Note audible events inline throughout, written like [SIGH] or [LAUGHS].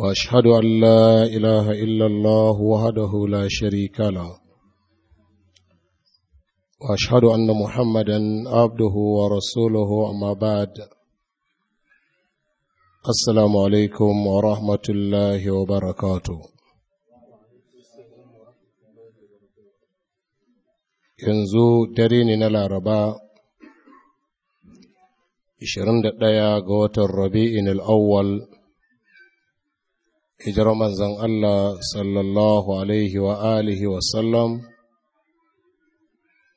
واشهد ان لا اله الا الله وحده لا شريك له واشهد ان محمدا عبده ورسوله اما بعد السلام عليكم ورحمه الله وبركاته yanzu dare ne na laraba 21 ga watan rabi'in al'awwal hijirar manzan Allah sallallahu Alaihi wa alihi wasallam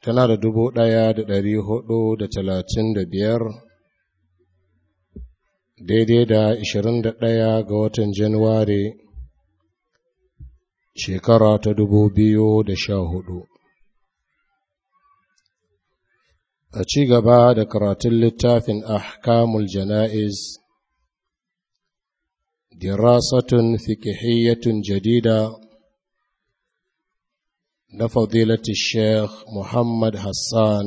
tana da dubu ɗaya da ɗari hudu da talatin da biyar daidai da ishirin da ɗaya ga watan Januwari shekara ta dubu biyu da sha hudu. A cigaba da karatun littafin Ahkamul Jana'iz دراسة فقهية جديدة لفضيلة الشيخ محمد حسان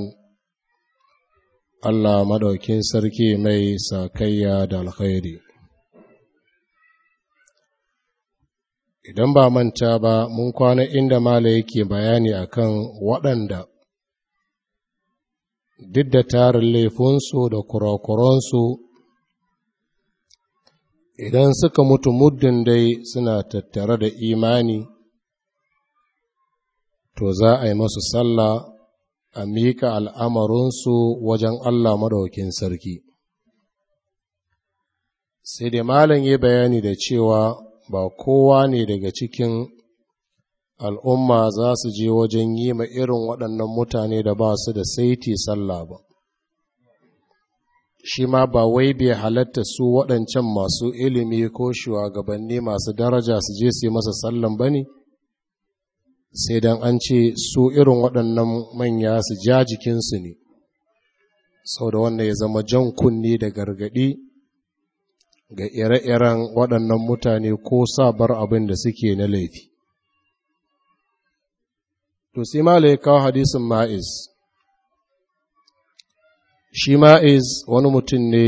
الله مدوكين سركي مي ساكيا دالخيري idan ba manta ba mun kwana inda mala yake bayani akan waɗanda duk da tarin laifinsu da kurakuransu idan suka mutu muddin dai suna tattare da imani to za a yi masu sallah a mika al'amarinsu wajen Allah maɗaukin sarki. Sai da malam yi bayani da cewa ba kowa ne daga cikin al'umma za su je wajen yi ma irin waɗannan mutane da ba su da saiti sallah ba. shi ma ba wai bai halatta su waɗancan masu ilimi ko shugabanni masu daraja su je su yi masa sallan ba ne sai don an ce su irin waɗannan manya su ja jikinsu ne sau da wanda ya zama jan kunni da gargaɗi ga ire-iren waɗannan mutane ko sabar abin da suke na laifi to sai ma kawo hadisin ma'is shi ma'iz wani mutum ne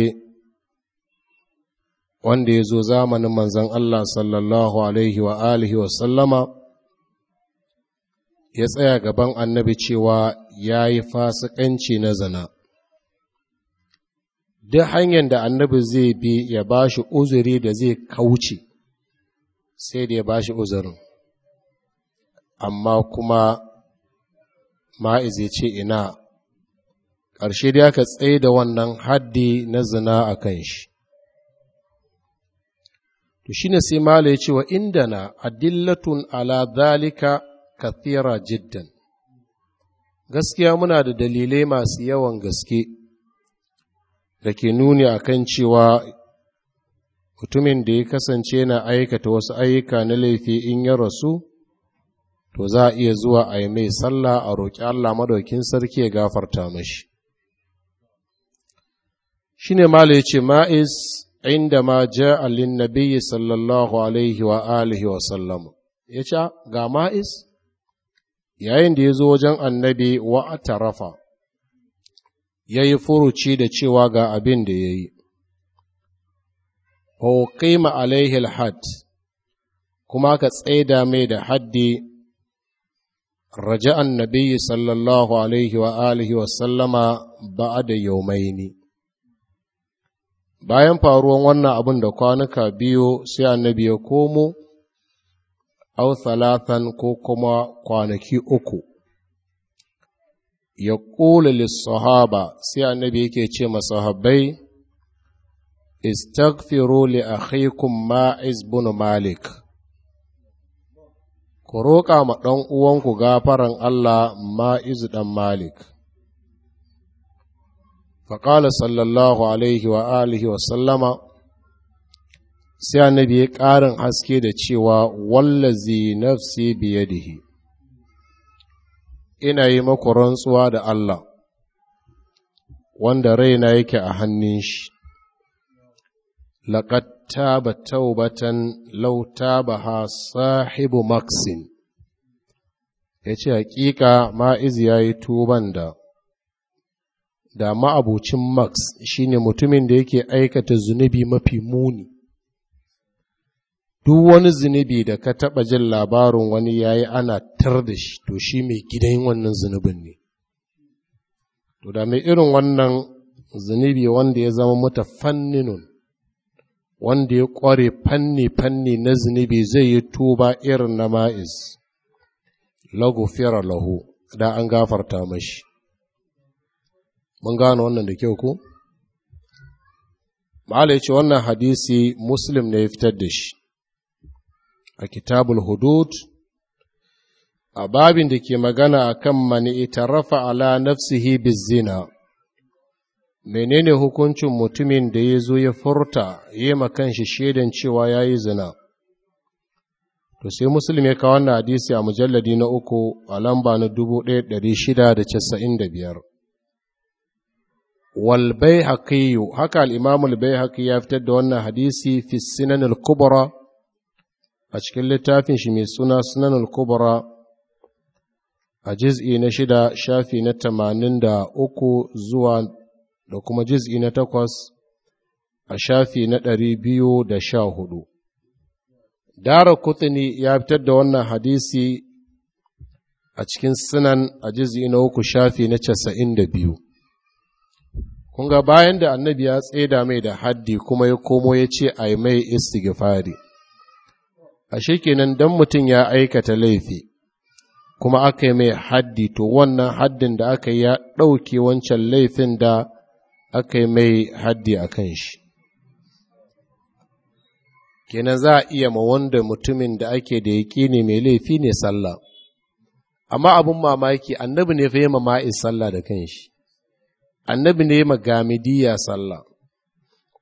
wanda ya zo zamanin manzan Allah sallallahu Alaihi wa alihi wa sallama ya tsaya gaban annabi cewa ya yi fasikanci na zana. Duk hanyar da annabi zai bi ya ba shi uzuri da zai kauce sai da ya ba shi uzurin, amma kuma ma'iz ya ce ina ƙarshe da aka tsaye da wannan haddi na zina a kan shi to shi ne sai mala ya ce wa na adillatun ala zalika kathira jiddan gaskiya muna da dalilai masu yawan gaske da ke nuni a kan cewa mutumin da ya kasance na aikata wasu ayyuka na laifi in ya rasu to za a iya zuwa a yi mai sallah a roƙi Allah madaukin sarki ya gafarta mashi shi ne mala ya ce ma'is inda ma ja alin nabiyyi sallallahu alaihi wa alihi wa sallam ya ce ah, ga ma'is yayin da ya zo wajen annabi wa tarafa ya yi furuci da cewa ga abin da ya yi ƙima alaihi alhad kuma ka tsaida mai da haddi raja'an nabi sallallahu alaihi wa alihi wa sallama ba'a da yaumaini bayan faruwan wannan abin da kwanuka biyu sai annabi ya komo au salatan ko kuma kwanaki uku ya ƙula lissahaba sai annabi yake ce masahabbai sahabai li akhikum ma'iz bin malik ku roƙa ma ɗan uwanku gafaran Allah ma'iz ɗan malik faƙala sallallahu alaihi wa alihi wa sallama sai annabi ya ƙarin haske da cewa wallazi nafsi biyadihi ina yi maku rantsuwa da Allah wanda raina yake a hannun shi laƙad taba taubatan lauta ba ha sahibu maksin ya ce hakika ma'iz ya yi tuban da ma'abocin max shine mutumin da yake aikata zunubi mafi muni duk wani zunubi da ka taɓa jin labarin wani yayi ana tar da shi to shi mai gidan wannan zunubin ne to da mai irin wannan zunubi wanda ya zama mata fanninun wanda ya ƙware fanni-fanni na zunubi zai yi tuba irin na ma'iz lagufira lahu da an gafarta mashi mun gano wannan da kyau ko ma'ala ya ce wannan hadisi muslim ne ya fitar da shi a kitabul hudud a babin da ke magana a kan mani ita, rafa ala nafsihi bizina menene hukuncin mutumin da ya zo ya furta ya yi shi shaidan cewa ya yi zina to sai muslim ya kawo wannan hadisi a mujalladi na uku a lamba na 1695 wal baihaqi haka al-imam ya fitar da wannan hadisi fi sunan al a cikin littafin shi mai suna sunan al-kubra a juz'i na shida shafi na tamanin da uku zuwa da kuma juz'i na takwas a shafi na ɗari biyu da sha hudu dara kutini ya fitar da wannan hadisi a cikin sunan a juz'i na uku shafi na casa'in da biyu kun ga bayan da annabi ya tseda mai da haddi kuma ya komo ya ce a mai istighfari ashe kenan don mutum ya aikata laifi kuma aka yi mai haddi to wannan haddin da aka yi ya ɗauke wancan laifin da aka yi mai haddi a kan shi kenan za a iya ma wanda mutumin da ake da ya ne mai laifi ne sallah amma abin mamaki annabi ne fa yi ma ma'is sallah da kan shi annabi ne magamidiyya sallah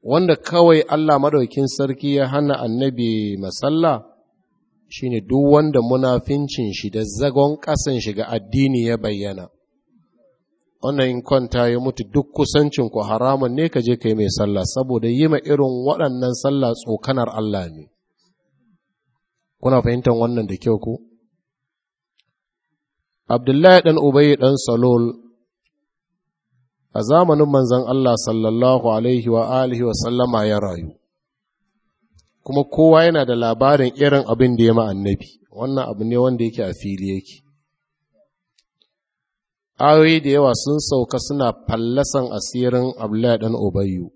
wanda kawai Allah maɗaukin sarki ya hana annabi masalla shine duk wanda munafincin shi da zagon ƙasan shiga addini ya bayyana wannan in kwanta ya mutu duk kusancinku haramun ne ka je kai mai sallah saboda yi ma irin waɗannan sallah tsokanar Allah ne kuna fahimtar wannan da kyau ku Abdullahi ɗan Ubayi ɗan Salol a zamanin manzan Allah sallallahu alaihi wa alihi wa sallama ya rayu kuma kowa yana da labarin irin abin da ya ma’annabi, wannan abu ne wanda yake a fili yake ayoyi da yawa sun sauka suna fallasan asirin abdullahi dan ubayyu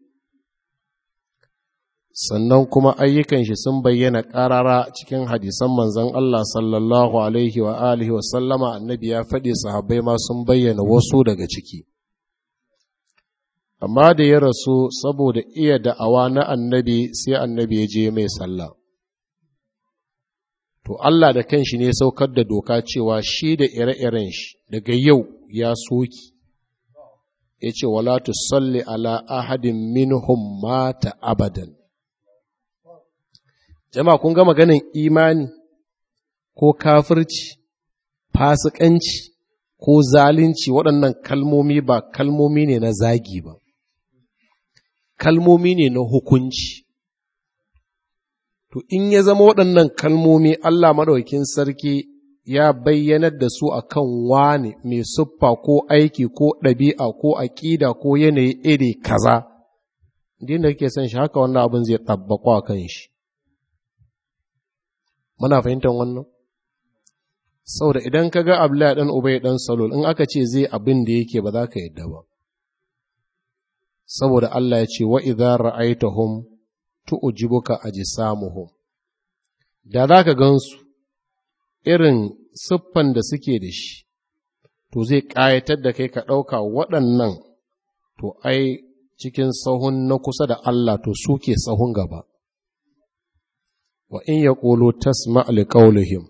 sannan kuma ayyukan shi sun bayyana ƙarara cikin hadisan manzan Allah sallallahu alaihi wa alihi wa sallama annabi ya faɗi sahabbai ma sun bayyana wasu daga ciki amma da ya rasu saboda iya da'awa na annabi sai annabi ya je mai sallah to Allah da kanshi ne saukar da doka cewa shi da ire-iren shi daga yau ya soki ya ce wala salli ala ahadin minhum mata abadan jama kun ga maganin imani ko kafirci fasikanci ko zalunci waɗannan kalmomi ba kalmomi ne na zagi ba kalmomi ne na hukunci. To, in ya zama waɗannan kalmomi Allah maɗaukin sarki ya bayyanar da su a kan wane mai siffa ko aiki ko ɗabi'a ko aƙida ko yanayi iri kaza, din da kake son shi haka wannan abin zai ɗabbaƙo a kan shi. Muna fahimtar wannan? Sau da idan ka ga abu ɗan Uba ɗan salo in aka ce zai abin da yake ba za ka yadda ba. saboda Allah ya ce wa idza ra'aitahum tu'jibuka ajsamuhum da za zaka gansu irin siffan da suke da shi to zai ƙayatar da kai ka ɗauka waɗannan to ai cikin sahun na kusa da Allah to suke sahun gaba wa in ya ƙolo liqawlihim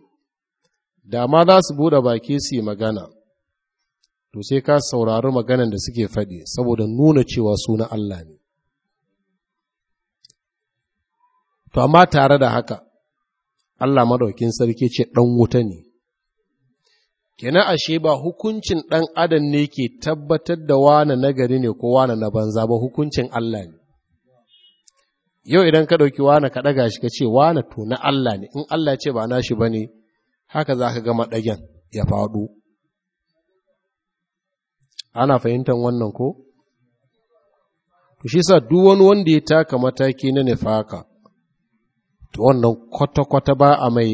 da ma za su bude baki su yi magana to sai ka saurari maganan da suke faɗi saboda nuna cewa suna Allah ne to amma tare da haka Allah madaukin sarki ce ɗan wuta ne Kina ashe ba hukuncin ɗan adam ne ke tabbatar da wane nagari ne ko wane na banza ba hukuncin Allah ne yau idan ka ɗauki wane ka ɗaga shi ka ce wane to na Allah ne in Allah ce ba nashi ba ne haka za ka gama ɗagen ya faɗo ana fahimtar wannan ko to shi sa duk wani wanda ya taka mataki na nifaka to wannan kwata-kwata ba a mai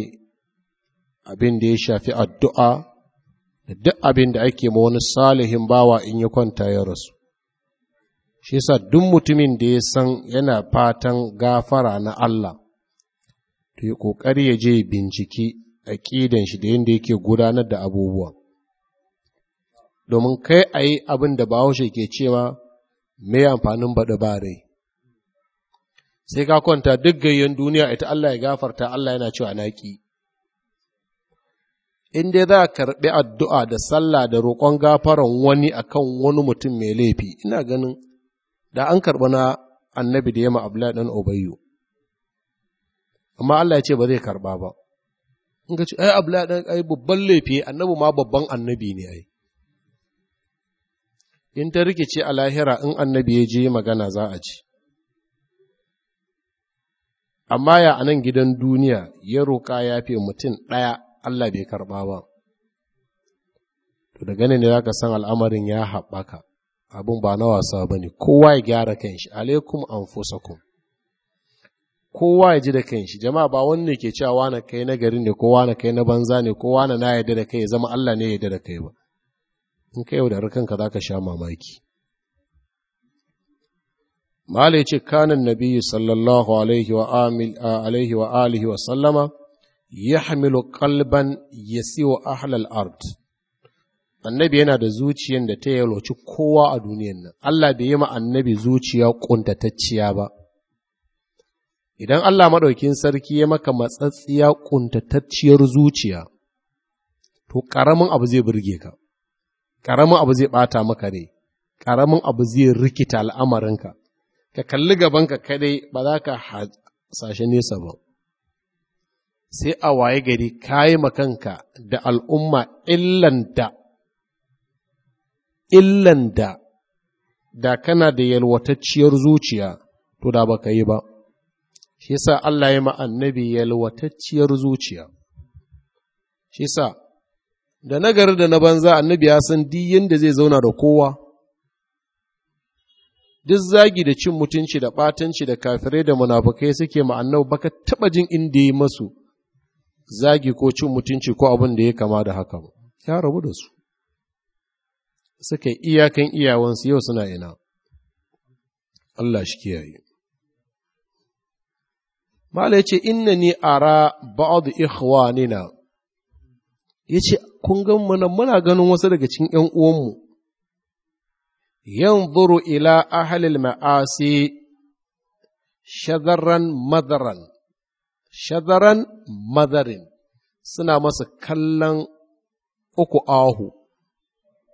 abin da ya shafi addu'a da duk abin da ake ma wani salihin bawa in ya kwanta ya rasu shi sa duk mutumin da ya san yana fatan gafara na Allah to yi kokari ya je binciki a shi da yanda yake gudanar da abubuwan. domin kai a yi abin da bahaushe ke cewa mai amfanin baɗi ba rai sai ka kwanta duk gayyan duniya ita Allah ya gafarta Allah yana cewa na in dai za a karɓi addu'a da sallah da roƙon gafaran wani a kan wani mutum mai laifi ina ganin da an karɓi na annabi da yamma abu ɗan obayu amma Allah ya ce ba zai karɓa ba in ka ce ai abu ɗan ai babban laifi annabi ma babban annabi ne ai in ta rikice a lahira in annabi ya je magana za a ci amma ya a nan gidan duniya ya roƙa ya fi mutum ɗaya Allah bai karɓa ba to da ganin ne za ka san al'amarin ya haɓaka abin ba na wasa ba ne kowa ya gyara kanshi alaikum anfusakum kowa ya ji da kanshi jama'a ba wani ne ke cewa wane kai na gari ne kowa na kai na banza ne kowa na na yadda da kai zama Allah ne ya yadda da kai ba in ka yau da kanka za ka sha mamaki malai ce kanin nabi sallallahu alaihi wa alihi wa sallama ya hamilu kalban ya siwa ahlal ard annabi yana da zuciyan da ta yaloci kowa a duniyan nan Allah bai yi ma annabi zuciya kuntatacciya ba idan Allah maɗaukin sarki ya maka matsatsiya ƙuntatacciyar zuciya to ƙaramin abu zai burge ka ƙaramin abu zai ɓata maka ne, ƙaramin abu zai rikita al'amarinka, ka kalli gabanka kadai ba za ka sashe nesa ba. Sai a waye gari ka kayi makanka da al'umma illanta, illanta da kana da yalwatacciyar zuciya, to da baka yi ba. Shi sa Allah ya ma'annabi yalwatacciyar zuciya. Shi sa da nagari da na banza annabi ya san di yadda zai zauna da kowa duk zagi da cin mutunci da batanci da kafirai da munafukai suke ma'annau baka taɓa jin inda ya masu zagi ko cin mutunci ko abin da ya kama da haka ba ya rabu da su suka iyakan iyawansu yau suna ina Allah shi kiyaye Mala ya ce, Inna ni ara ba'adu ikhwanina, ya ce, kun gan muna muna ganin wasu daga cikin ‘yan uwanmu, yan zuru ila ahalil ma'asi shadaran madaran, shadaran madarin suna masa kallon uku ahu.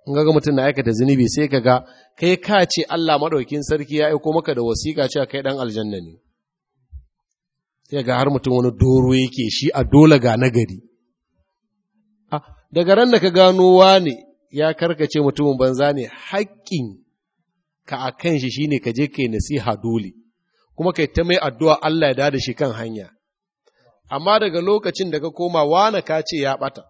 in ga mutum na aikata zunubi sai ka ga kai ka ce Allah maɗaukin sarki ya aiko maka da wasiƙa cewa kai ɗan aljanna ne sai ga har mutum wani doro yake shi a dole ga nagari daga ran da ka gano wane ya karkace mutumin banza ne haƙƙin ka a kan shi shine ka je kai nasiha dole kuma kai ta mai addu'a Allah ya dada shi kan hanya amma daga lokacin da ka koma wane ka ce ya ɓata,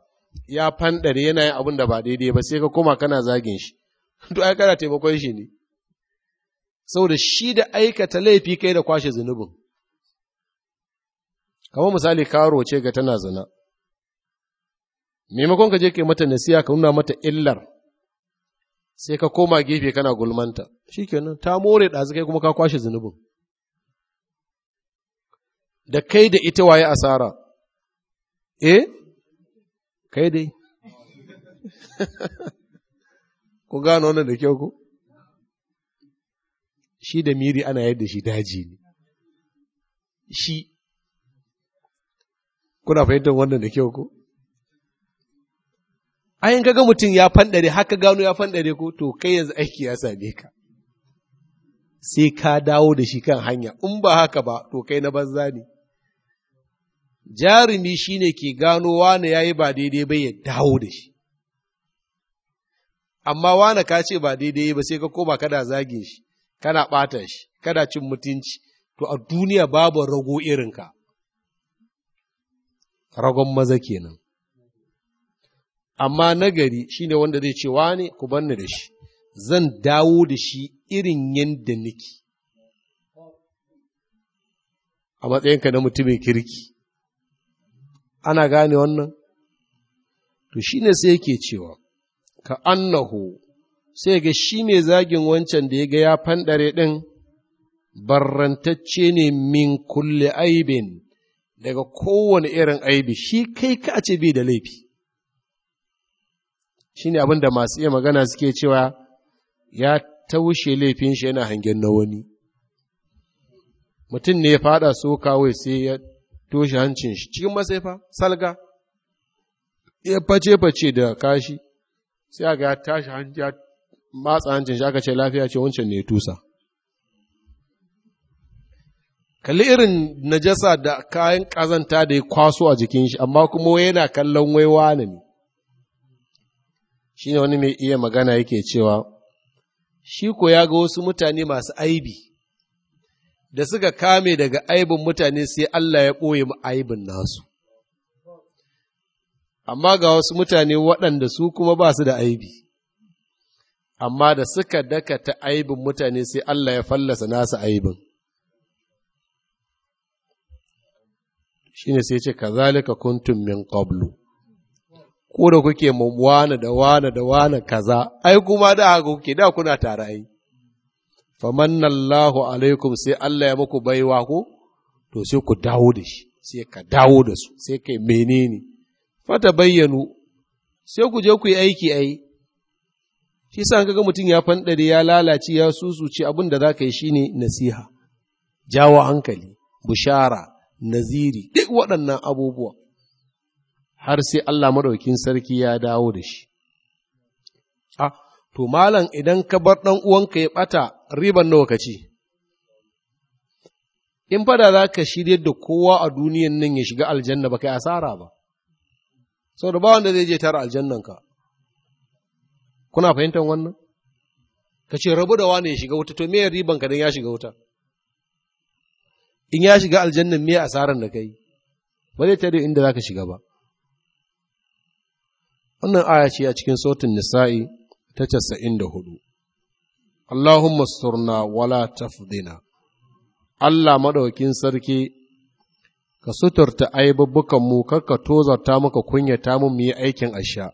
ya fandare yana yin abin da ba daidai ba sai ka koma kana zagin shi [LAUGHS] to ai kana taimakon shi ne saboda shi da aikata laifi kai da kwashe zunubin kamar misali karo ce ga tana zina maimakon ka je ka mata nasiya ka nuna mata illar sai ka koma gefe kana gulmanta shikenan ta more ɗazu kai kuma ka kwashe zunubin da kai da ita waye asara eh kai dai [LAUGHS] ku gano wannan da kyau ku shi da miri ana yadda shi daji ne shi kuna fahimtar wannan da kyau ku ayin kaga mutum ya fanɗare haka gano ya fanɗare ko to kai yanzu aiki ya same ka sai ka dawo da shi kan hanya in ba haka ba to kai na banza ne jarumi shine ke gano wane yayi ba daidai ba ya dawo da shi amma wane ka ce ba daidai ba sai ka koma kada zage shi kana ɓata shi kada cin mutunci to a duniya babu rago irinka ragon maza kenan amma nagari shine wanda zai ce wani ku banni da shi zan dawo da shi irin yadda nake a matsayinka na mutumin kirki ana gane wannan to shine sai yake cewa ka annahu sai ga shi ne zagin wancan da ya ga ya fandare ɗin barrantacce ne min kulle aibin daga kowane irin aibi shi kai ka ce bai da laifi ne abin da masu iya magana suke cewa ya taushe laifin shi yana hangen na wani mutum ne ya fada so kawai sai ya toshe hancin shi cikin masaifa salga ya face-face da kashi sai aka ya tashi ya matsa hancin shi aka ce lafiya ce wancan ne tusa kalli irin najasa da kayan kazanta da ya kwaso a jikin shi amma kuma yana kallon waiwa ne shi ne wani mai iya magana yake cewa shi ko ya ga wasu mutane masu aibi da suka kame daga aibin mutane sai Allah ya ɓoye mu aibin nasu amma ga wasu mutane waɗanda su kuma ba su da aibi amma da suka dakata aibin mutane sai Allah ya fallasa nasu aibin shi ne sai ce zalika kuntum min qablu ko da kuke mumwana da wana da wana kaza ai kuma da haka kuke da kuna tare ai famannallahu alaikum sai Allah ya muku baiwa ko to sai ku dawo da shi sai ka dawo da su sai kai menene Fa ta bayyanu sai ku je ku yi aiki ai shi sa kaga mutum ya fandare ya lalace ya susuce abin da zaka yi shine nasiha jawo hankali bushara naziri duk waɗannan abubuwa har sai Allah maɗaukin sarki ya dawo da shi. A, ah, to malam idan ka bar ɗan uwanka ya ɓata riban nawa ka ci. In fada za ka shirya da kowa a duniyan nan ya shiga aljanna ba kai asara ba, sau da ba wanda zai je tara ka. Kuna fahimtar wannan? Ka ce rabu da wani ya shiga wuta, to me riban ka don ya shiga wuta? In ya shiga aljannan me asaran da kai? Ba zai tare inda za ka shiga ba. wannan aya ce a cikin sautin nisa'i ta casa'in da hudu Allahumma surna wala tafdina Allah maɗaukin sarki ka suturta aibubbukanmu kar ka tozarta muka kunyata mu mu yi aikin asha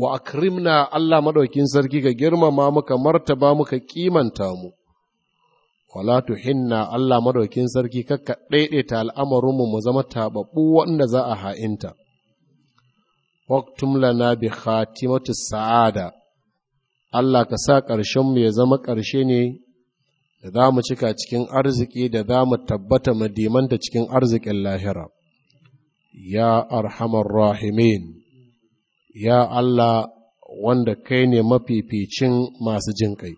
wa akrimna Allah maɗaukin sarki ka girmama muka martaba muka kimanta mu wala tuhinna Allah maɗaukin sarki kakka ɗaiɗaita al'amarinmu mu zama taɓaɓɓu wanda za a ha'inta waktum lana bi khatimatu sa'ada Allah ka sa mu ya zama ƙarshe ne da za mu cika cikin arziki da za mu tabbata madimanta cikin arzikin lahira ya arhamar rahimin ya Allah wanda kai ne mafificin masu jin kai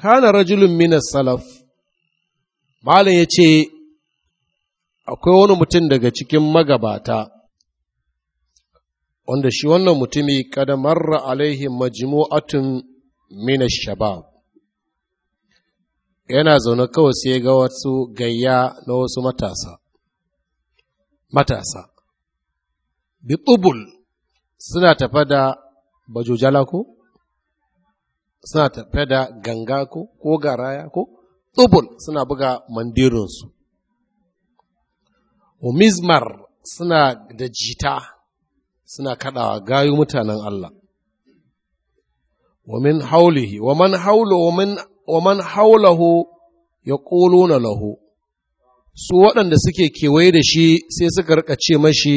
kana rajulun minas salaf malam ya ce akwai wani mutum daga cikin magabata wanda shi wannan mutumi kada marra alaihi majmu'atun min shabab yana zaune kawai sai ga wasu gayya na wasu matasa matasa tubul suna tafa da bajojala ko suna tafe da ganga ko ko garaya ko tubul suna buga mandirinsu wa suna da jita suna kaɗawa gayu mutanen Allah. Wa min haulihi, wa man haulahu ya na lahu, su waɗanda suke kewaye da shi sai suka rika ce mashi,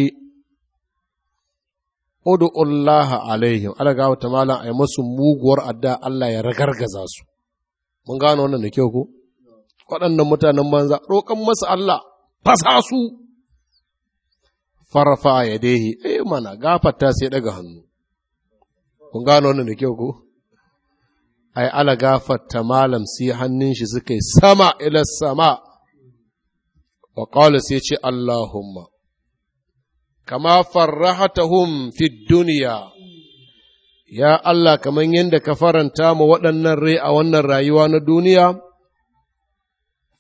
Udu'ullaha alaihim, ala ga ta malam a yi masu muguwar adda Allah ya ragargaza su. Mun gano wannan da kyau ko? Waɗannan mutanen banza, roƙon masu Allah, fasa su. farfa ya dehi eh mana gafata sai daga hannu kun gano wannan da kyau ko ai ala gafata malam sai hannun shi suka yi sama ila sama wa qala sai ce allahumma kama farrahatahum fi dunya ya Allah kamar yadda ka faranta mu waɗannan rai a wannan rayuwa na duniya,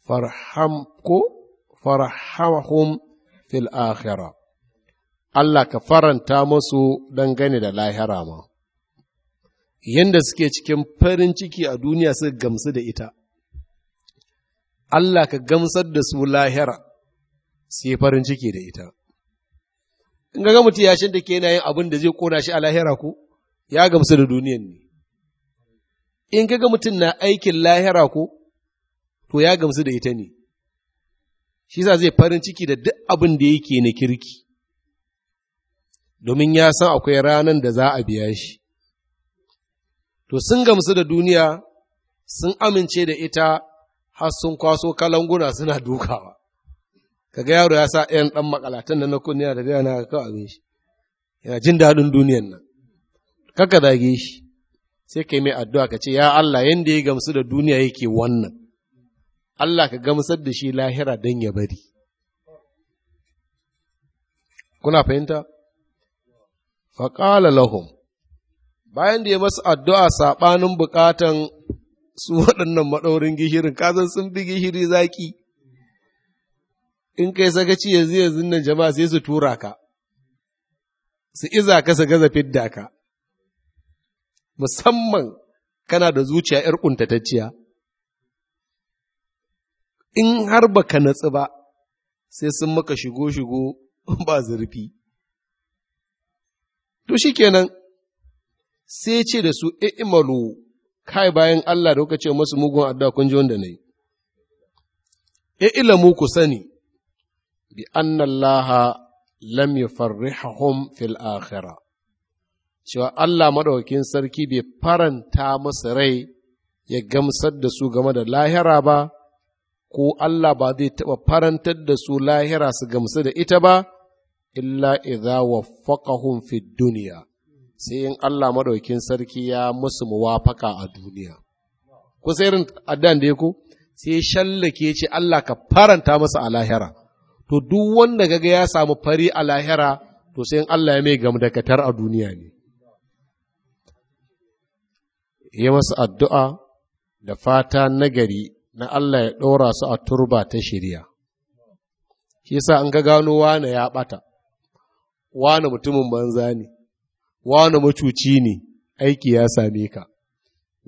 farham ko farhamhum fil akhira Allah ka faranta musu dangane da lahira ma. Yanda suke cikin farin ciki a duniya suka gamsu da ita, Allah ka gamsar da su lahira yi farin ciki da ita. In ga mutum ya da ke yana yin abin da zai kona shi a lahira ko, ya gamsu da duniyan ne. In ga mutum na aikin lahira ko, to ya gamsu da ita ne. Shi sa zai farin ciki da duk abin da yake na kirki. domin ya san akwai ranar da za a biya shi. To sun gamsu da duniya, sun amince da ita har sun kwaso kalanguna suna dukawa. Ka ga yaro ya sa ‘yan ɗan makalatan da na kunni da na kawo abin shi, yana jin daɗin duniyan nan. Kaka zage shi, sai ka yi mai addu'a ka ce, ‘Ya Allah, yadda ya gamsu da duniya yake wannan, Allah ka gamsar da shi lahira don ya bari. Kuna fahimta? faƙala lahum bayan da ya masu addu'a saɓanin buƙatan su waɗannan maɗaurin gihirin, kazan sun bi gishiri zaƙi in kai sakaci yanzu yanzu nan jama'a sai su tura ka su iza ka su gaza fidda ka musamman kana da zuciya ‘yar ƙuntatacciya in har baka natsu ba sai sun maka shigo-shigo [LAUGHS] ba zurfi To shi kenan sai ce da su i’imalu e, kai bayan Allah da kuka ce masu mugun addu'a kun ji wanda na yi. E, I'lamu ku sani, bi annallaha lam yufarrihahum fil akhirah cewa Allah maɗaukakin sarki bai faranta musu rai ya gamsar da su game da lahira ba, ko Allah ba zai taɓa farantar da su lahira su gamsu da ita ba, illa idza waffaqahum fid dunya sai in Allah madaukin sarki ya musu muwafaka a duniya ku sai irin addan da yako? sai shallake ce Allah ka faranta masa a lahira to duk wanda kaga ya samu fari a lahira to sai in Allah ya mai gamdakatar a duniya ne ya masa addu'a da fata nagari na Allah ya ɗora su a turba ta shirya shi sa an ga gano wane ya ɓata wane mutumin banza ne wane macuci ne aiki ya same ka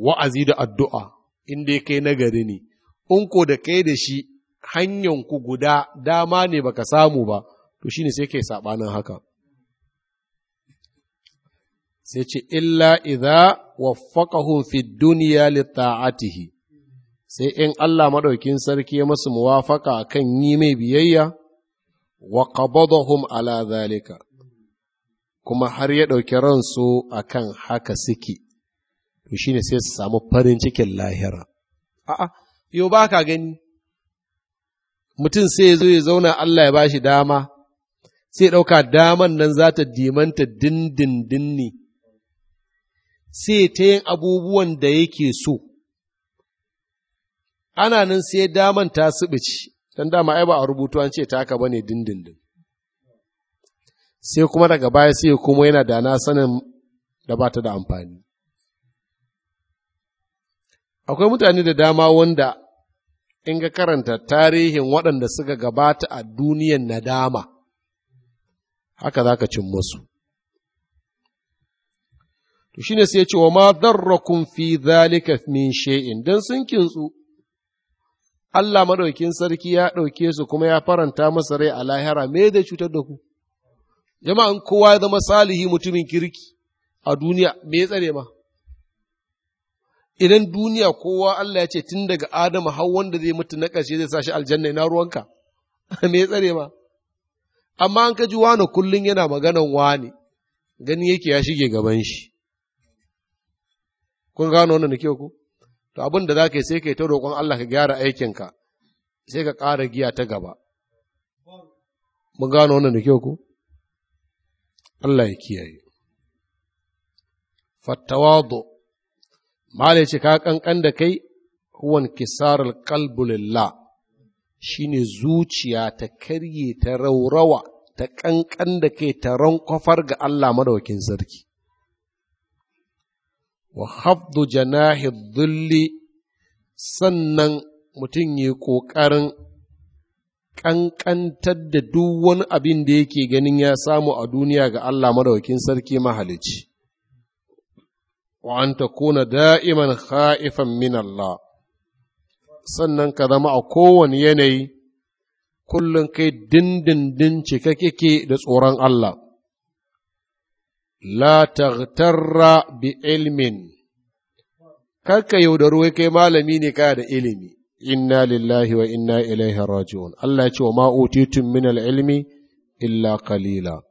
wa'azi da addu'a inda dai kai nagari ne in ko da kai da shi hanyar ku guda dama ne baka samu ba to shine sai kai saɓanin haka sai ce illa idza waffaqahum fi dunya li sai in Allah maɗaukin sarki ya masu muwafaka kan yi mai biyayya wa qabadahum ala zalika kuma har ya ɗauki ransu a kan haka suke, to shi ne sai su samu farin cikin lahira. A'a, yau ba ka gani, mutum sai ya zo ya zauna Allah ya ba shi dama, sai ɗauka daman nan za ta dimanta dindindin ne, sai ta yin abubuwan da yake so. Ana nan sai daman ta sibici, don dama ai ba a rubutu an ce ta ka ba ne dindindin. sai kuma daga baya sai kuma yana da na sanin da ba ta da amfani akwai mutane da dama wanda in ga karanta tarihin waɗanda suka gabata a duniyan nadama haka za ka cin musu to shi ne sai ce wa ma darrakum fi zalika min shay'in dan sun kintsu Allah maɗaukin sarki ya ɗauke su kuma ya faranta masa rai a lahira me da cutar da ku jama'an kowa ya zama salihi mutumin kirki a duniya, me ya tsare ma? Idan duniya kowa Allah ya ce tun daga Adamu har wanda zai mutu na ƙarshe zai sa shi aljanna ina ruwanka, [LAUGHS] me ya tsare ma? Amma an ka ji wani kullum yana maganan wani, gani yake ya shige gaban shi. Kun gano wannan na kyau ku? To abin da za ka yi sai ka yi ta roƙon Allah ka gyara ka sai ka ƙara giya ta gaba. Mun gano wannan na kyau ku? Allah ya kiyaye fattawadu malai ce ka kankan da kai huwan kisarul qalbu lillah shine zuciya ta karye ta raurawa ta kankan da kai ta rankwafar ga Allah madaukin sarki wa hafdu janahi dhilli sannan mutum yi ƙoƙarin ƙanƙantar da duk wani abin da yake ganin ya samu a duniya ga Allah madaukin sarki mahalici. Wa ta kuna da'iman ha'ifan min Allah, sannan ka zama a kowane yanayi, kullum kai dindindin cika kike da tsoron Allah. La taghtarra bi ilmin, karka yaudaru kai malami ne kaya da ilimi. inna lillahi wa inna ilaihi raji'un Allah ya ce wa ma utitum min ilmi illa qalila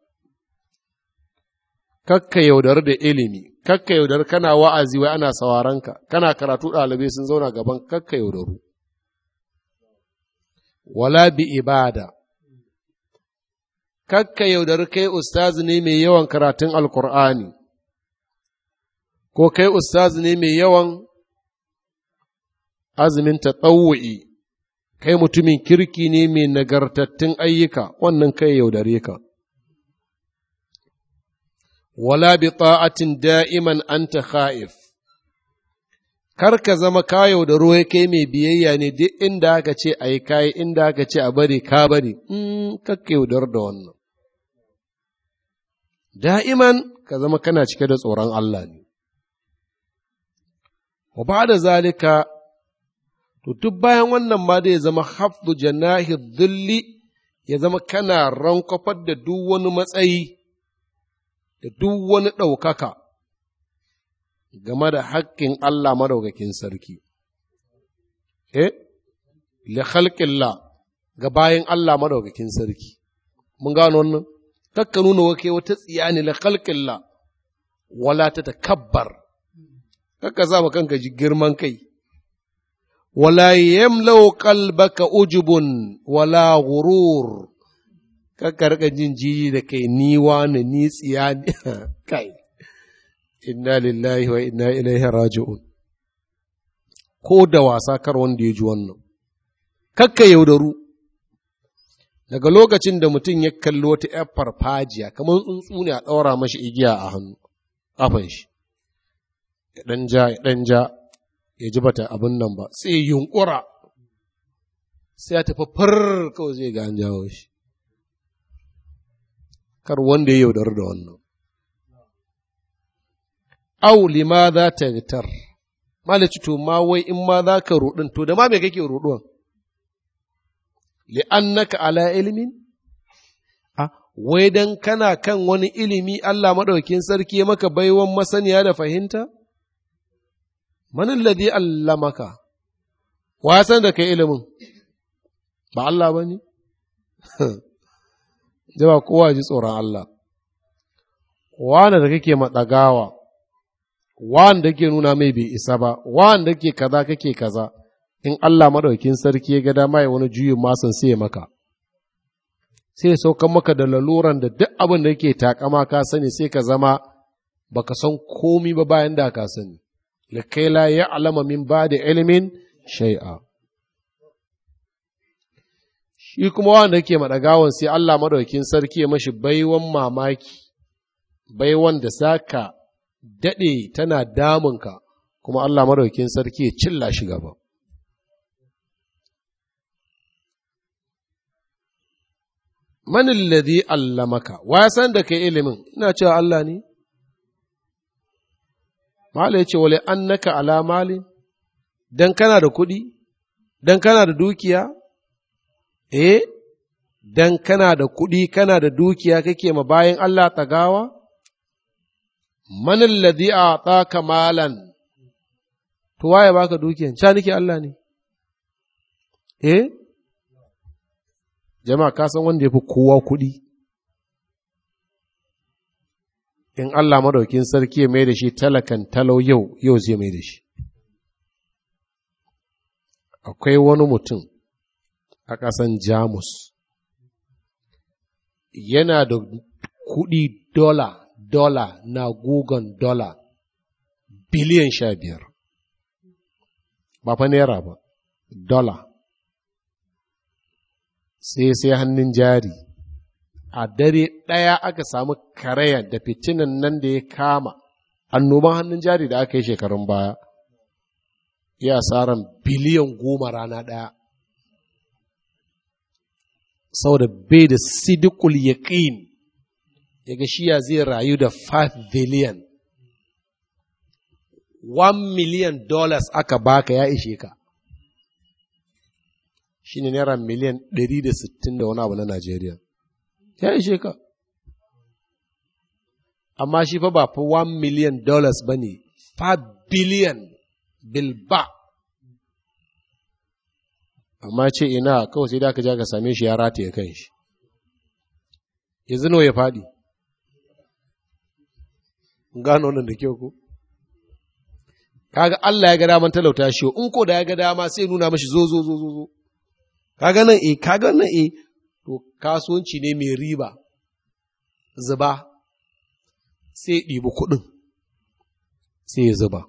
kakka yaudar da ilimi kakka yaudar kana wa'azi wai ana sawaranka kana karatu dalibai sun zauna gaban kakka yaudaru wala bi ibada kakka yaudar kai ustaz ne mai yawan karatun alkur'ani ko kai ustaz ne mai yawan azumin ta tsawo'i, kai mutumin kirki ne mai nagartattun ayyuka, wannan kai yaudare ka. Wala bi ta'atin da'iman an ta haif. kar ka zama ka yaudaro ya kai mai biyayya ne duk inda aka ce a yi kayi inda aka ce a bari ka bari, in mm, kakka yaudar da wannan. Da'iman ka zama kana cike da tsoron Allah ne. Wa ba da zalika to duk bayan wannan ma da ya zama hafdu janahi dhilli ya zama kana rankwafar da duk wani matsayi da duk wani ɗaukaka game da haƙƙin Allah madaukakin sarki eh li khalqillah ga bayan Allah madaukakin sarki mun gano wannan kakka nuna wake wata tsiya ne la khalqilla wala ta takabbar kakka ba kanka ji girman kai wala yamlau qalbaka ujubun wala ghurur kakka rika jin jiji da kai ni wani ni tsiya ne kai inna lillahi wa inna ilaihi raji'un ko da wasa kar wanda ya ji wannan kakka yaudaru daga lokacin da mutum ya kalli wata ‘yar farfajiya kamar tsuntsu ne a ɗaura mashi igiya a hannu, Afan shi, ya ɗan ja, ya ɗan ja, ya ji bata abin nan ba sai yunkura sai ya tafi far kawai zai ga an jawo shi kar wanda ya yaudar da wannan au lima za ta tar malaci to ma wai in ma za ka ruɗin to da ma me kake ruɗuwan li'annaka ala ilimin a wai dan kana kan wani ilimi Allah maɗaukin sarki ya maka baiwan masaniya da fahimta manin ladi allamaka wa ya san da kai ilimin ba Allah ba ne [LAUGHS] jama kowa ji tsoron Allah wanda da kake maɗagawa wanda ke nuna mai bai isa ba wanda ke kaza kake kaza in Allah maɗaukin sarki ya ga mai wani juyin masan sai maka sai saukan maka da laluran da duk abin da yake takama ka sani sai ka zama baka san komi ba bayan da ka sani لكي la يعلم من بعد علم shai'a. shi kuma wanda yake maɗagawan sai Allah maɗaukin sarki ya mashi baiwan mamaki, baiwan da saka daɗe tana ka kuma Allah maɗaukin sarki ya cilla shi gaba. Manin alladhi allamaka, wa san da kai ilimin, ina cewa Allah ne? Mala ya ce, Wale an naka alamali, don kana da kuɗi, don kana da dukiya? Eh, don kana da kuɗi, kana da dukiya kake ma bayan Allah ta gawa? Manin ladi a ta kamalan, to waye baka dukiyan, ca nake Allah ne? Eh, jama'a kasan wanda ya fi kowa kuɗi. in Allah madaukin sarki ya mai da shi talakan talau yau yau zai mai da shi akwai wani mutum a ƙasan jamus yana da kuɗi dola dola na gugan dola biliyan sha biyar ba fa naira ba dola sai sai hannun jari a dare ɗaya aka samu karaya da fitinan nan da ya kama annoban hannun jari da aka yi shekarun baya ya saran biliyan goma rana ɗaya saboda bai da sidikul yaƙin yaga shiya zai rayu da 5 billion 1 million dollars aka baka ya ishe ka shi ne naira miliyan 160 da wani abu na Najeriya. ya ishe ka amma shi fa ba fa 1 million dollars ba ne 5 billion bilba amma ce ina kawai sai da aka ja ka same shi ya ya kan shi yanzu nawa ya faɗi gano nan da kyau ko kaga Allah ya ga daman talauta shi in ko da ya ga dama sai nuna mashi zo zo zo zo kaga nan eh kaga nan eh to kasuwanci ne mai riba zuba sai ɗibi kuɗin sai ya zuba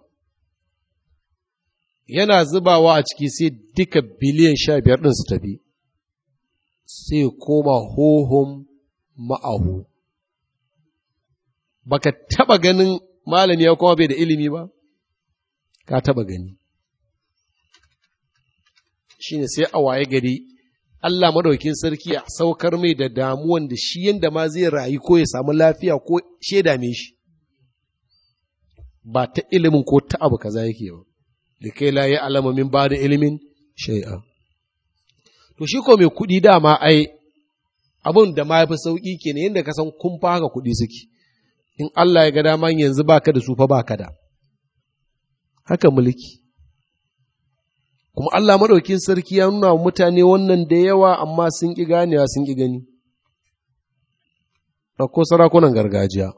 yana zubawa a ciki sai duka biliyan sha biyar ɗin su tafi sai koma hohon ma'ahu baka taba ganin malami ya koma bai da ilimi ba ka taba gani shine sai a waye gari Allah maɗaukin sarki a saukar mai da damuwan da shi yanda ma zai rayu ko ya samu lafiya ko shaida me shi ba ta ilimin ko ta abu kaza yake ba da kai la ya alama min ba da ilimin shai'a to shi ko mai kuɗi dama ai abun da ma yafi sauki kenan yanda ka san kun fa haka kuɗi suke in Allah ya ga dama yanzu baka da su fa baka da haka mulki kuma Allah maɗaukin sarki ya nuna wa mutane wannan da yawa amma sun ƙi ganewa sun ƙi gani Ɗauko sarakunan gargajiya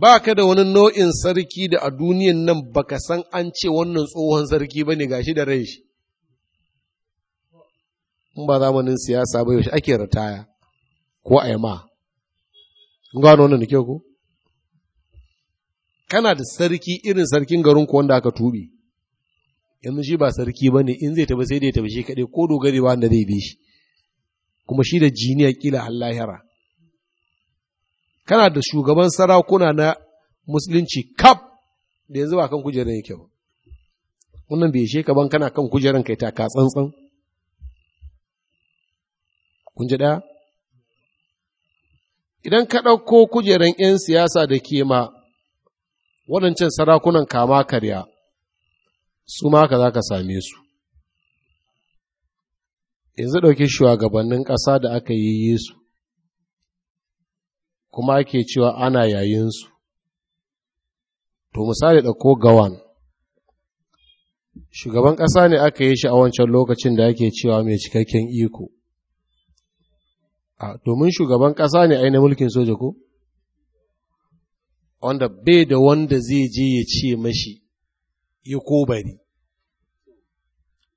ba ka da wani nau'in sarki da a duniyan nan ba ka san an ce wannan tsohon sarki ba ne ga shi da rai shi in ba zamanin siyasa ba yaushe ake rataya ko a yama gano wannan da kyau ko kana da sarki irin sarkin garin ku wanda aka tubi yanzu shi ba sarki ba ne in zai tafi sai dai tafi shi kaɗai ko ba wanda zai bi shi kuma shi da jiniya kila allahira kana da shugaban sarakuna na musulunci kaf da yanzu ba kan kujerar yake ba wannan bai ishe ka ban kana kan kujerar kai ta ka tsantsan kun ji ɗaya idan ka ɗauko kujerar 'yan siyasa da ke ma waɗancan sarakunan kama karya su ma ka za ka same su yanzu ɗauki shugabannin ƙasa da aka yi yesu kuma ake cewa ana yayinsu to misali ɗauko gawan shugaban ƙasa ne aka yi shi a wancan lokacin da ake cewa mai cikakken iko a domin shugaban ƙasa ne ainihin mulkin soja ko wanda bai da wanda zai je ya ce mashi yi ko bari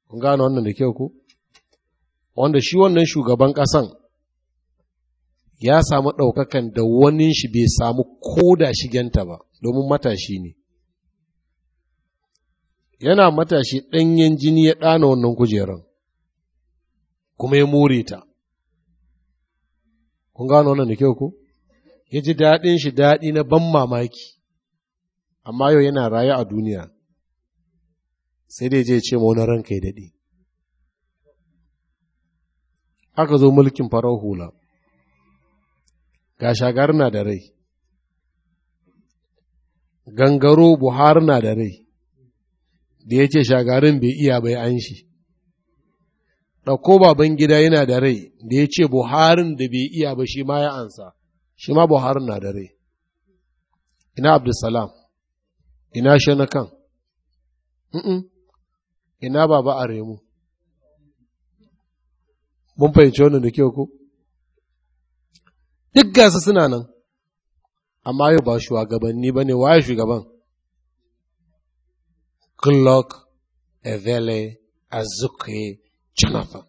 kun gano wannan da kyau ko wanda shi wannan shugaban ƙasan ya samu ɗaukakan da wani shi bai samu ko da shigenta ba domin matashi ne yana matashi ɗanyen jini ya ɗana wannan kujeran kuma ya more ta kun gano wannan da kyau ko ya ji daɗin shi daɗi na ban mamaki amma yau yana raya a duniya sai dai je ce ma wani ranka ya daɗe aka zo mulkin farar hula ga shagar na da rai gangaro buhari na da rai da ya ce shagarin bai iya bai an shi ɗauko baban gida yana da rai da ya ce buharin da bai iya ba shi ma ya ansa shi ma buharin na da rai ina abdulsalam ina shanakan kan, ina ba ba a remu mun fahimci wannan da kyau ko duk gasa suna nan amma yau ba shugabanni ba ne waye shugaban Clark Evele Azuke Jonathan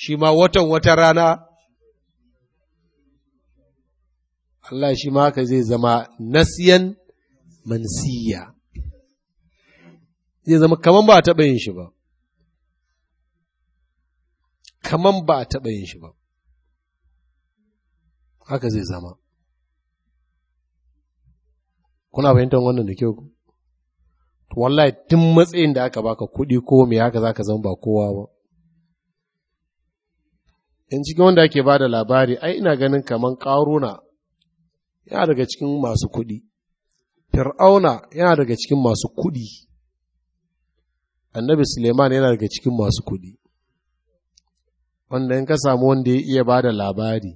shi ma watan wata rana Allah shi ma haka zai zama nasiyan mansiya zai zama kaman ba a taɓa yin shi ba kaman ba a taɓa yin shi ba haka zai zama kuna fahimtar wannan da kyau ku wallahi tun matsayin da aka baka kuɗi ko me haka za ka zama ba kowa ba in cikin wanda ake ba da labari ai ina ganin kaman ƙaruna yana daga cikin masu kuɗi fir'auna yana daga cikin masu kuɗi annabi suleiman yana daga cikin masu kuɗi wanda in ka samu wanda ya iya ba da labari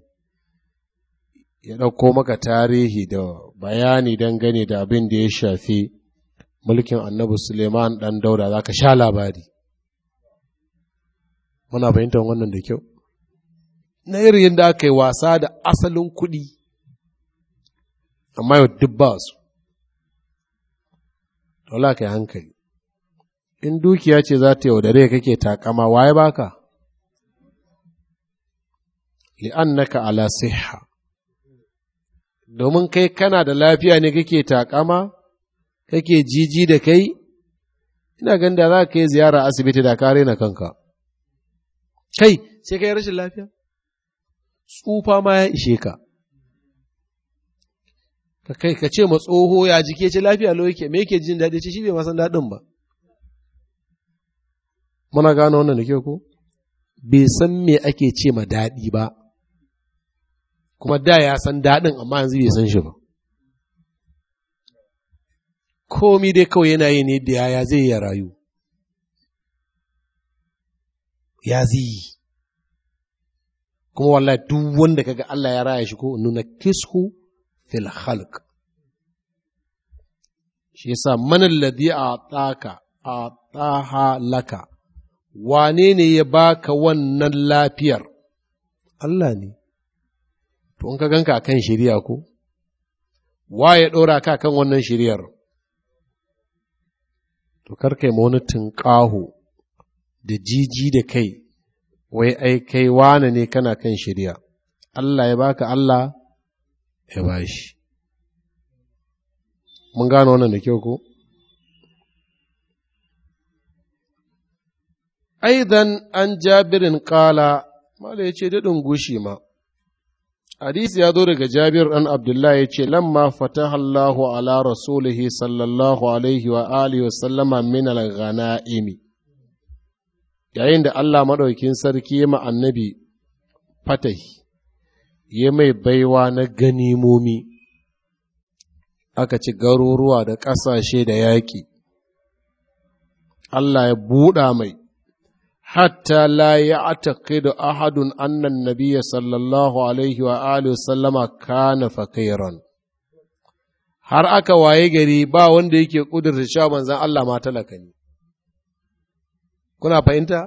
ya ɗauko maka tarihi da bayani dangane da abin da ya shafi mulkin annabi suleiman ɗan dauda za ka sha labari muna fahimtar wannan da kyau na irin da aka yi wasa da asalin kuɗi amma yau duk ba su dole ka yi hankali in dukiya ce za ta yaudare kake takama waye baka li'annaka ala siha domin kai kana da lafiya ne kake takama kake jiji da kai ina ganda za ka yi ziyara asibiti da kare na kanka kai sai ka yi rashin lafiya tsufa ma ya ishe ka ka kai ka ce ma tsoho ya jike ce lafiya lau yake me yake jin daɗi ce shi bai masan daɗin ba muna gano wannan da ke ko bai san me ake ce ma daɗi ba kuma da ya san daɗin amma yanzu bai san shi ba komi dai kawai yana yi ne da yaya zai ya rayu ya ziyi kuma wallahi duk wanda kaga Allah ya raya shi ko nuna kisku fil khalq shi yasa man alladhi ataka ataha laka wane ne ya ka wannan lafiyar Allah ne to in ka ganka kan shirya ko wa ya ɗora ka kan wannan shiryar to karka yi wani tunƙaho da jiji da kai wai ai kai wane ne kana kan shirya Allah ya baka Allah ya bashi mun gano wannan da kyau ko aidan an jabirin ƙala, Mala ya ce daɗin gushi ma, hadisi ya zo daga jabir ɗan Abdullahi ya ce, lamma fata Allahu ala rasulihi sallallahu alaihi wa alihi wa sallama min al-ghana'imi. Yayin da Allah maɗaukin sarki ya annabi fatahi, ya mai baiwa na ganimomi, aka ci garuruwa da ƙasashe da yaƙi. Allah ya buɗa mai, hatta لا يعتقد ahadun أن النبي صلى sallallahu alaihi wa وسلم كان فقيرا har aka waye gari ba wanda yake kudurta cewa manzan Allah ma talaka ne kuna fahimta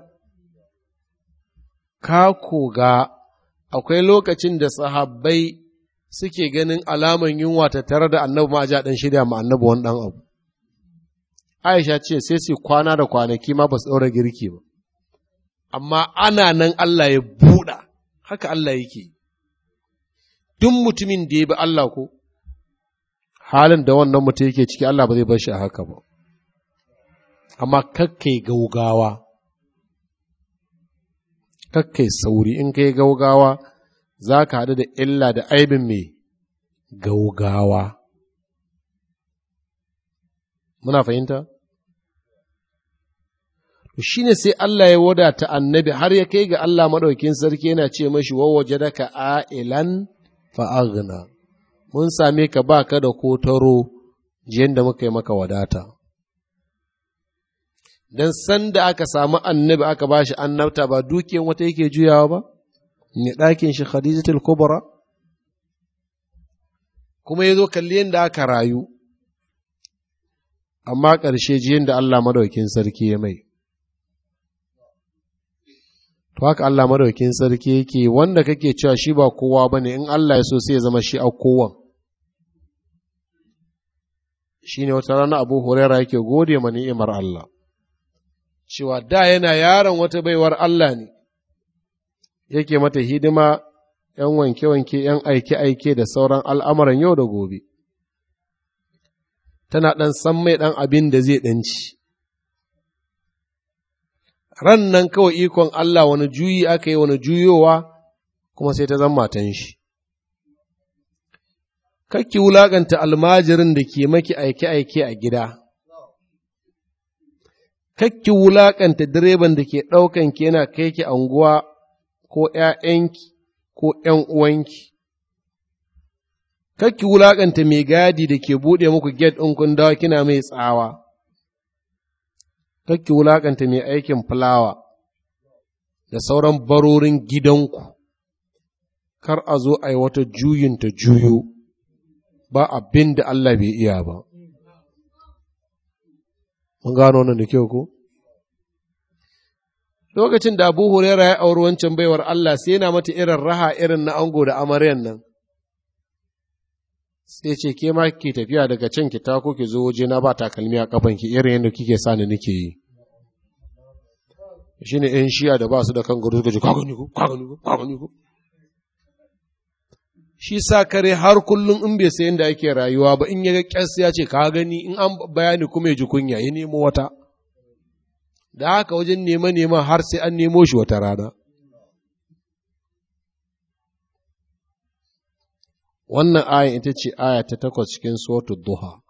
ka koga akwai lokacin da sahabbai suke ganin alaman yunwa ta tare da annabi ma ja dan shirya ma annabi wani dan abu Aisha ce sai su kwana da kwanaki ma ba su ɗaura girki ba amma ana nan Allah ya buɗa haka Allah yake duk mutumin da ya bi Allah ko halin da wannan mutum yake ciki Allah ba zai bar shi a haka ba amma kakkai gaugawa kakkai sauri in kai gaugawa za ka haɗu da illa da aibin mai gaugawa muna fahimta shi ne sai Allah ya wadata annabi har ya kai ga Allah maɗaukin sarki yana ce mashi wawaje daka a'ilan fa'agna mun same ka ba ka da kotaro jiyan da muka yi maka wadata don sanda aka samu annabi aka ba shi annabta ba dukiyan wata yake juyawa ba ne ɗakin shi khadijatul kubra kuma ya zo kalli yadda aka rayu amma karshe jiyan da Allah maɗaukin sarki ya mai to haka Allah madaukin sarki yake wanda kake cewa shi ba kowa ba ne, in Allah ya so sai ya zama shi a kowan ne wata rana Abu Huraira yake gode ma ni'imar Allah cewa da yana yaron wata baiwar Allah ne yake mata hidima ‘yan wanke-wanke, ‘yan aike-aike da sauran al'amuran yau da gobe, tana ɗan san mai ɗan abin da zai ɗanci, ran nan kawai ikon Allah wani juyi aka yi wani juyowa kuma sai ta zama matan shi. Kakki wulaƙanta almajirin da ke maki aike-aike a gida, kakki wulaƙanta direban da ke ɗaukan ki yana kai ki anguwa ko ‘ya'yanki ko ‘yan uwanki. Kakki wulaƙanta mai gadi da ke buɗe muku get ɗin kun dawa kina mai tsawa. kakki wulaƙanta mai aikin fulawa da sauran barorin gidanku, kar a zo a yi wata juyin ta juyo, ba abin da Allah bai iya ba. Mun gano wannan da kyau ko? Lokacin da Abu Huraira ya auri wancan baiwar Allah sai yana mata irin raha irin na ango da amaryan nan, sai ce ke ma ki tafiya daga can ki tako ki zo waje na ba takalmi a kafan ki irin yadda kike sa ni nake yi shine yan shiya da ba su da kan gudu suka ji kwagani ko kwagani ko kwagani ko shi sa kare har kullum in bai sayan da ake rayuwa ba in ya ga kyas ya ce ka gani in an bayani kuma ya ji kunya ya nemo wata da haka wajen nema nema har sai an nemo shi wata rana wannan ayan ita ce aya ta takwas cikin suratul duha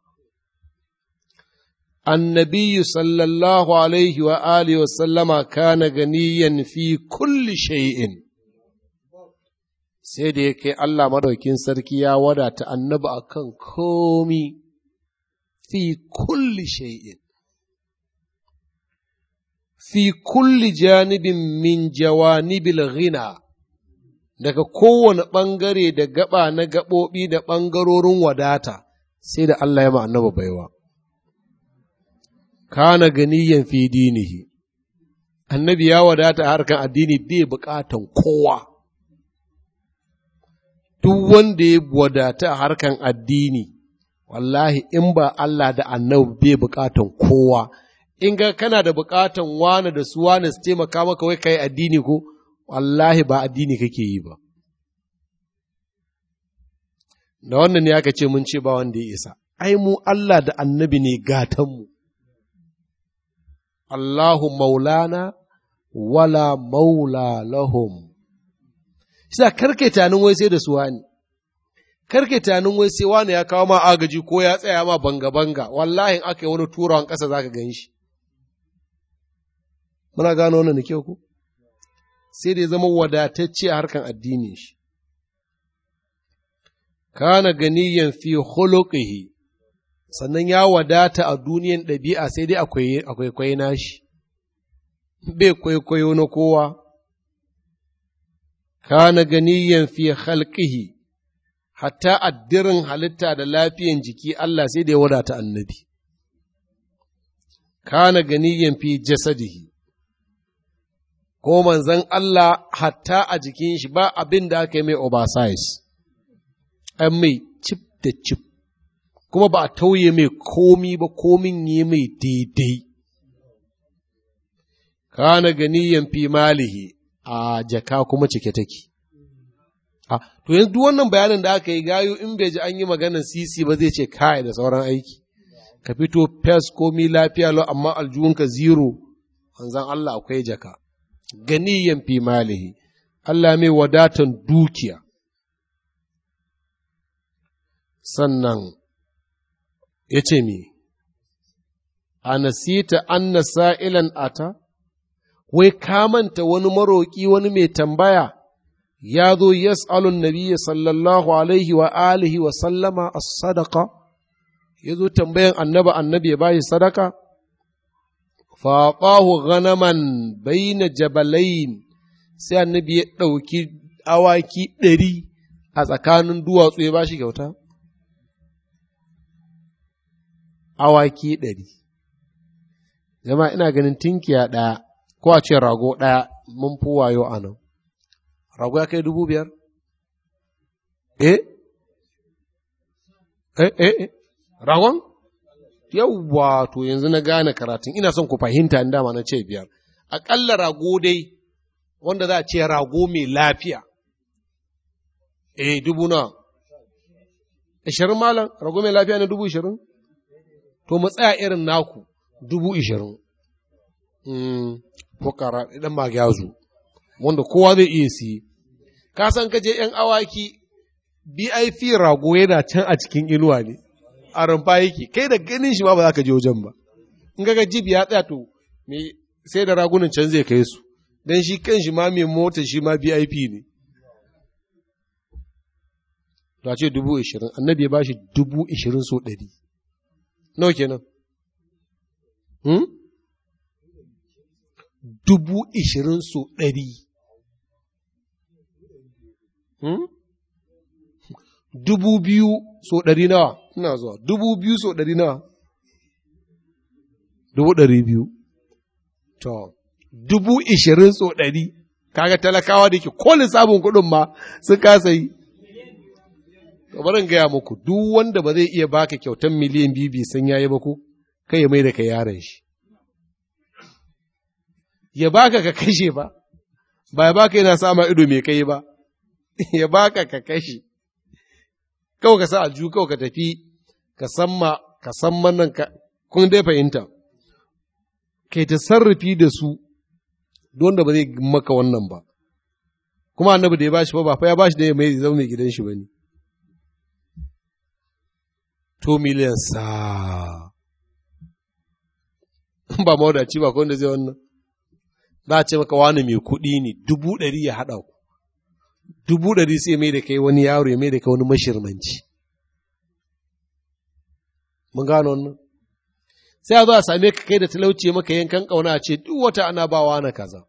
Sallallahu alaihi wa عليه وآله وسلم كان غنيا fi kulli شيء sai da yake Allah madaukin sarki ya wadata annabi akan komi fi kulli shay'in fi kulli janibin min jawanibil ghina daga kowane ɓangare da gaba na gaɓoɓi da ɓangarorin wadata sai da Allah ya annaba baiwa. Kana ganiyan fi dinihi, annabi ya wadata a harkar addini bai buƙatan kowa. Duk wanda ya wadata a harkar addini, wallahi in ba Allah da annabi bai buƙatan kowa, in ga kana da buƙatan wane da su wane su taimaka maka wai ka yi addini ko? wallahi ba addini kake yi ba da wannan ya aka ce mun ce ba wanda ya isa ai mu Allah da annabi ne gatanmu Allahu maulana wala maula lahum sai karke tanin wai sai da su wani karke tanin wai sai wani ya kawo ma agaji ko ya tsaya ma banga-banga wallahi aka yi wani turawan kasa zaka ka gan shi muna gano wannan ne kyau ku sai da ya zama wadatacce a harkan addinin shi kana ganiyan fi khuluqihi sannan ya wadata a duniyan ɗabi'a sai dai akwai kwai nashi bai kwaikwayo na kowa kana ganiyan fi halƙihi hatta addirin halitta da lafiyan jiki Allah sai da ya wadata annabi kana ganiyan fi jasadihi ko manzan Allah hatta a jikin shi ba abin da aka yi mai oversize, an mai cip da cip, kuma ba a tauye mai komi ba komin yi mai daidai. Kana ganiyan fi malihi a jaka kuma cike take. A, ah, to yanzu duk wannan bayanin da aka yi gayu in bai ji an yi maganar sisi ba zai ce kai da sauran aiki. Ka fito fes komi lafiya lau amma aljuhunka zero, manzan Allah akwai jaka. ganiyan fi malihi Allah mai wadatan dukiya sannan ya ce mi a nasita anna sa'ilan ata wai kamanta wani maroƙi wani mai tambaya ya zo yas'alun nabiya sallallahu alaihi wa alihi wa sallama as-sadaqa ya zo tambayan annaba annabi ya bayi sadaka ganaman ghanaman baina jabalain sai annabi ya ɗauki awaki ɗari a tsakanin duwatsu ya bashi kyauta? Awaki ɗari. Zama ina ganin tinkiya ɗaya, ko a ce rago ɗaya mun fi wayo a nan. Rago ya kai dubu biyar? Eh? Eh, eh, eh, ragon? Yawwa, to yanzu na gane karatun, ina son ku fahimta in dama na ce biyar. Aƙalla rago dai, wanda za a ce rago mai lafiya. Eh, dubu na. Ashirin malam, rago mai lafiya na dubu ashirin? To, mu tsaya irin naku, dubu ashirin. Hmm, fukara, ɗan magyazu, wanda kowa zai iya si Ka san kaje ‘yan awaki, BIP rago yana can a cikin inuwa ne. a rumfa yake kai da ganin shi ma ba za ka je wajen ba in ga jib ya tsaya to me sai da ragunan can zai kai su dan shi kan shi ma mai mota shi ma VIP ne to a ce dubu ishirin annabi ya bashi dubu ishirin so ɗari nawa kenan hmm? dubu ishirin so ɗari hmm? dubu biyu so ɗari nawa ina zuwa dubu biyu so ɗari na dubu ɗari biyu to dubu ishirin so ɗari kaga talakawa da ke ko lissafin kuɗin ma sun kasa yi kamar bari gaya muku duk wanda ba zai iya baka kyautan miliyan biyu bi san yayi ba ku kai ya mai da ka yaron shi ya baka ka kashe ba ba ya baka yana sama ido mai kai ba [LAUGHS] ya baka ka kashe kawai ka sa aljihu kawai ka tafi ka san ma ka san manan ka kun dai fahimta kai ta sarrafi da su don da ba zai maka wannan ba kuma annabi da ya bashi ba ba fa ya bashi da ya mai zama mai gidan shi ba ni to miliyan sa [LAUGHS] ba da ci ba ko da zai wannan za a ce maka wani mai kuɗi ne dubu ɗari ya haɗa ku dubu ɗari sai mai da kai wani yaro ya mai da kai wani mashirmanci Mun gano wannan? Sai a zo a same ka kai da talauci maka yankan ƙauna ce duk wata ana bawa na kaza.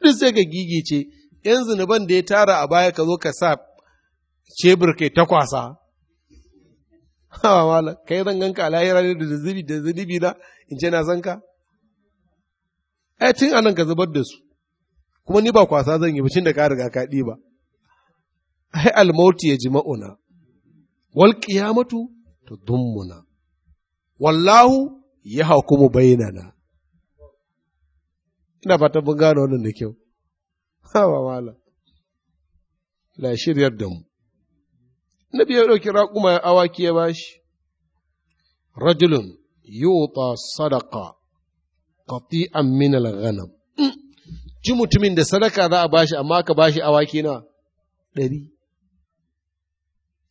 Duk sai ka gigice, ‘yan zunuban da ya tara a baya ka zo ka sa cebur kai ta kwasa. [LAUGHS] Hawa mala, kai zan ganka lahira ne da zubi da zubi na in ce na san ka? Ai, tun anan ka zubar da su, kuma ni ba kwasa zan yi bacin da ka riga ka ba. Ai, almauti ya ji ma'una, wal qiyamatu ta wallahu ya hukumu bayyana ina fatan mun gano wannan da kyau hawa wala la shiryar da mu nabi ya dauki raƙuma awaki ya bashi rajulun yuta sadaqa qati'an min al-ghanam mm. ji mutumin da sadaka za a bashi amma ka bashi awaki na ɗari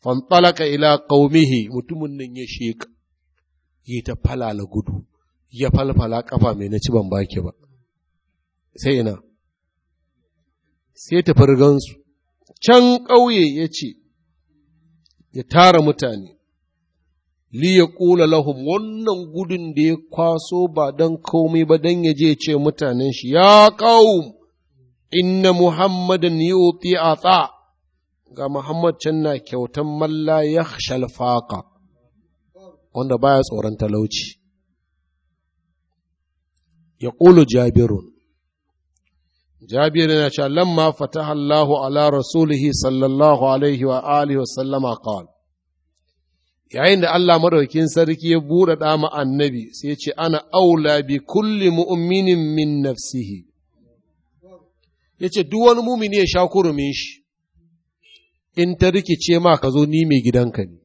fanɗalaka ila ƙaumihi mutumin nan ya sheka yi ta falala gudu ya falfala kafa mai na ci ban baki ba sai ina sai ta fargansu can ƙauye ya ce ya tara mutane li ya ƙula lahum wannan gudun da ya kwaso ba don komai ba don ya je ce mutanen shi ya ƙaum inna muhammadan yuti a ga muhammad can na kyautan malla ya shalfaka wanda baya tsoron talauci ya ƙulu jabirun jabiru yana cewa lamma fataha Allahu ala rasulihi sallallahu alaihi wa alihi wa sallama qal yayin da Allah madaukin sarki ya buɗe ɗama annabi sai ya ce ana aula bi kulli mu'minin min nafsihi ya ce duk wani mumini ya sha kurumin shi in ta rikice ma ka zo ni mai gidanka ne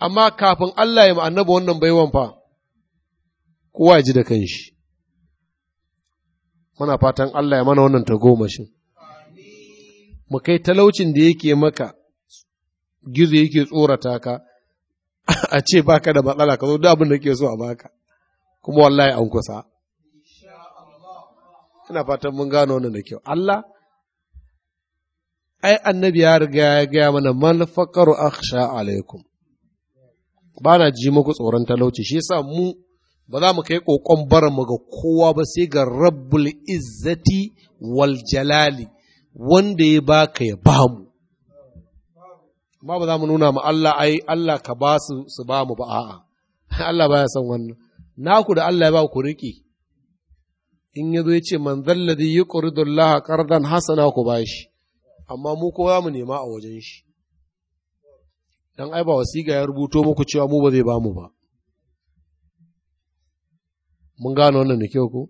amma kafin Allah ya annabi wannan baiwan fa kowa ji da kanshi muna fatan Allah ya mana wannan tagomashin mu kai talaucin da yake maka gizo yake tsorata ka [LAUGHS] a ce baka da matsala ka zo duk abin da ke so a baka kuma wallahi an kusa ina fatan mun gano wannan da kyau Allah ai annabi ya riga ya gaya mana mal faqaru akhsha alaikum ba na ji muku tsoron talauci shi yasa mu ba za mu kai kokon barin mu ga kowa ba sai ga rabbul izzati wal jalali wanda ya baka ya ba mu ba ba za mu nuna ma Allah ai Allah ka ba su su ba mu ba a'a [LAUGHS] Allah baya son wannan naku da Allah ya ba ku riƙe in ya zo ya ce man zalladhi yuqridu Allah qardan hasana ku bashi amma mu kowa mu nema a wajen shi Don ai ba wasiƙa ya rubuto muku cewa mu ba zai ba mu ba mun gano wannan da kyau ko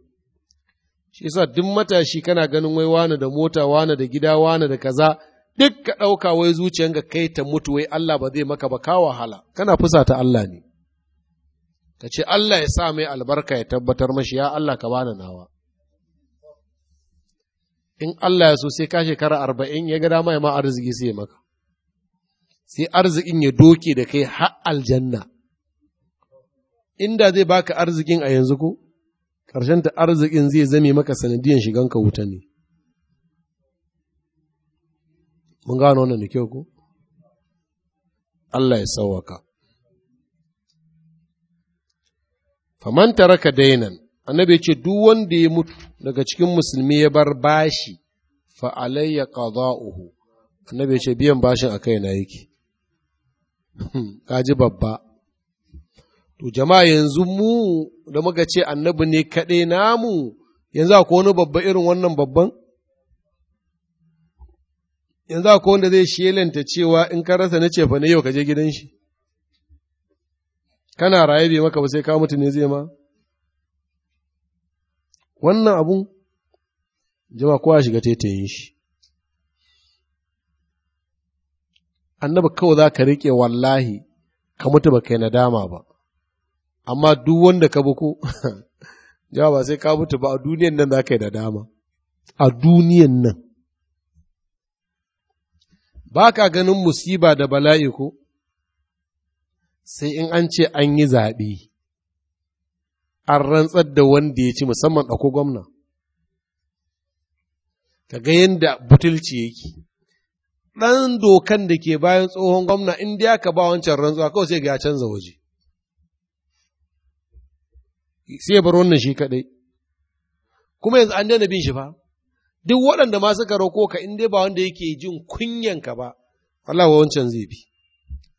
shi yasa duk matashi kana ganin wai wani da mota wani da gida wani da kaza duk ka ɗauka wai zuciyanka kai ta mutu wai Allah ba zai maka ba ka wahala kana fusata Allah ne ka ce Allah ya sa mai albarka ya tabbatar mashi ya Allah ka bani nawa in Allah ya so sai ka shekara arba'in ya ga dama ya ma arziki sai maka sai arzikin ya doke da kai har aljanna inda zai baka arzikin a yanzu ko ƙarshen ta arzikin zai zame maka sanadiyan shiganka wuta ne mun gano wannan da kyau ko Allah ya sauwaka faman taraka dainan annabi ce duk wanda ya mutu daga cikin musulmi ya bar bashi fa alayya qada'uhu annabi ce biyan bashin akai na yake [LAUGHS] kaji babba to jama'a yanzu mu da muka ce annabi ne kaɗai namu yanzu akwai wani babba irin wannan babban yanzu akwai wanda zai shelanta cewa in ka rasa na fa ne yau ka je gidan shi kana raye bai maka ba sai ka mutu ne zai ma wannan abun jama'a kowa shiga taitayin shi annabi kawai za ka riƙe wallahi ka mutu ba kai nadama ba amma duk wanda ka buko jawa [LAUGHS] ba sai ka mutu ba a duniyan nan za ka yi nadama a duniyan nan ba ka ganin musiba da bala'i ko sai in an ce an yi zaɓe an rantsar da wanda ya ci musamman ɗauko gwamna ka ga yadda butulci yake ɗan dokan da ke bayan tsohon gwamna in da ka ba wancan rantsuwa kawai sai ga ya canza waje sai ya bar wannan shi kaɗai kuma yanzu an daina bin shi fa duk waɗanda ma suka roko ka in dai ba wanda yake jin kunyanka ka ba Allah wa wancan zai bi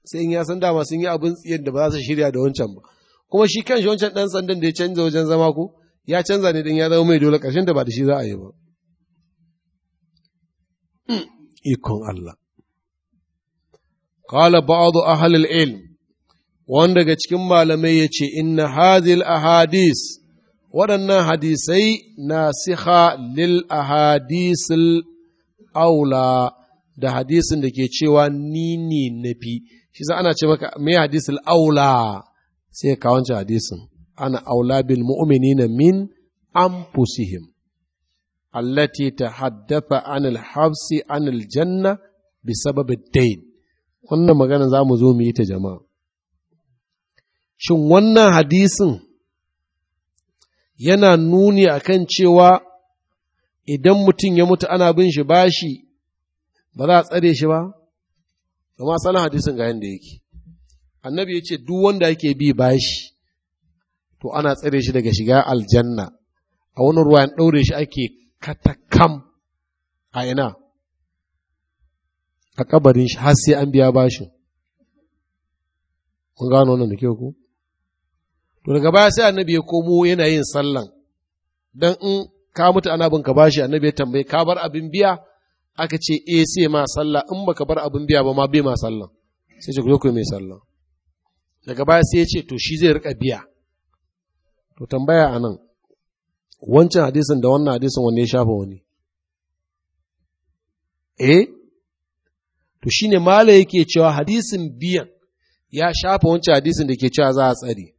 sai in ya san dama sun yi abin tsiyan da ba za su shirya da wancan ba kuma shi kan shi wancan ɗan sandan da ya canza wajen zama ko ya canza ne ɗin ya zama mai dole ƙarshen da ba da shi za a yi ba ikon Allah. Kala ba'adu ahalil ilm, wanda daga cikin malamai ya ce, Inna hadil ahadis, waɗannan hadisai na siha lil ahadisil aula da hadisin da ke cewa ni ne nafi, shi za ana ce maka mai hadisul aula sai ka wancan hadisin, ana aula bil mu'minina min anfusihim. allati ta haddafa anil habsi anil janna bi sababi dain wannan magana za mu zo mu yi ta jama'a shin wannan hadisin yana nuni akan cewa idan mutum ya mutu ana bin shi bashi ba za a tsare shi ba amma sanin hadisin ga yadda yake annabi ya ce duk wanda yake bi bashi to ana tsare shi daga shiga aljanna a wani ruwan ɗaure shi ake katakam a ina a kabarin shi har sai an biya bashin kun gano wannan da ke ku to daga baya sai annabi ya komo yana yin sallan dan in ka mutu ana bin ka bashi annabi ya tambaye ka bar abin biya aka ce eh sai ma sallah in baka bar abin biya ba ma bai ma sallan sai ce ku ku mai sallan daga baya sai ya ce to shi zai rika biya to tambaya anan wancan hadisin da wannan hadisin wanne ya shafa wani eh to shine mala yake cewa hadisin biyan ya shafa wancan hadisin da ke cewa za a tsare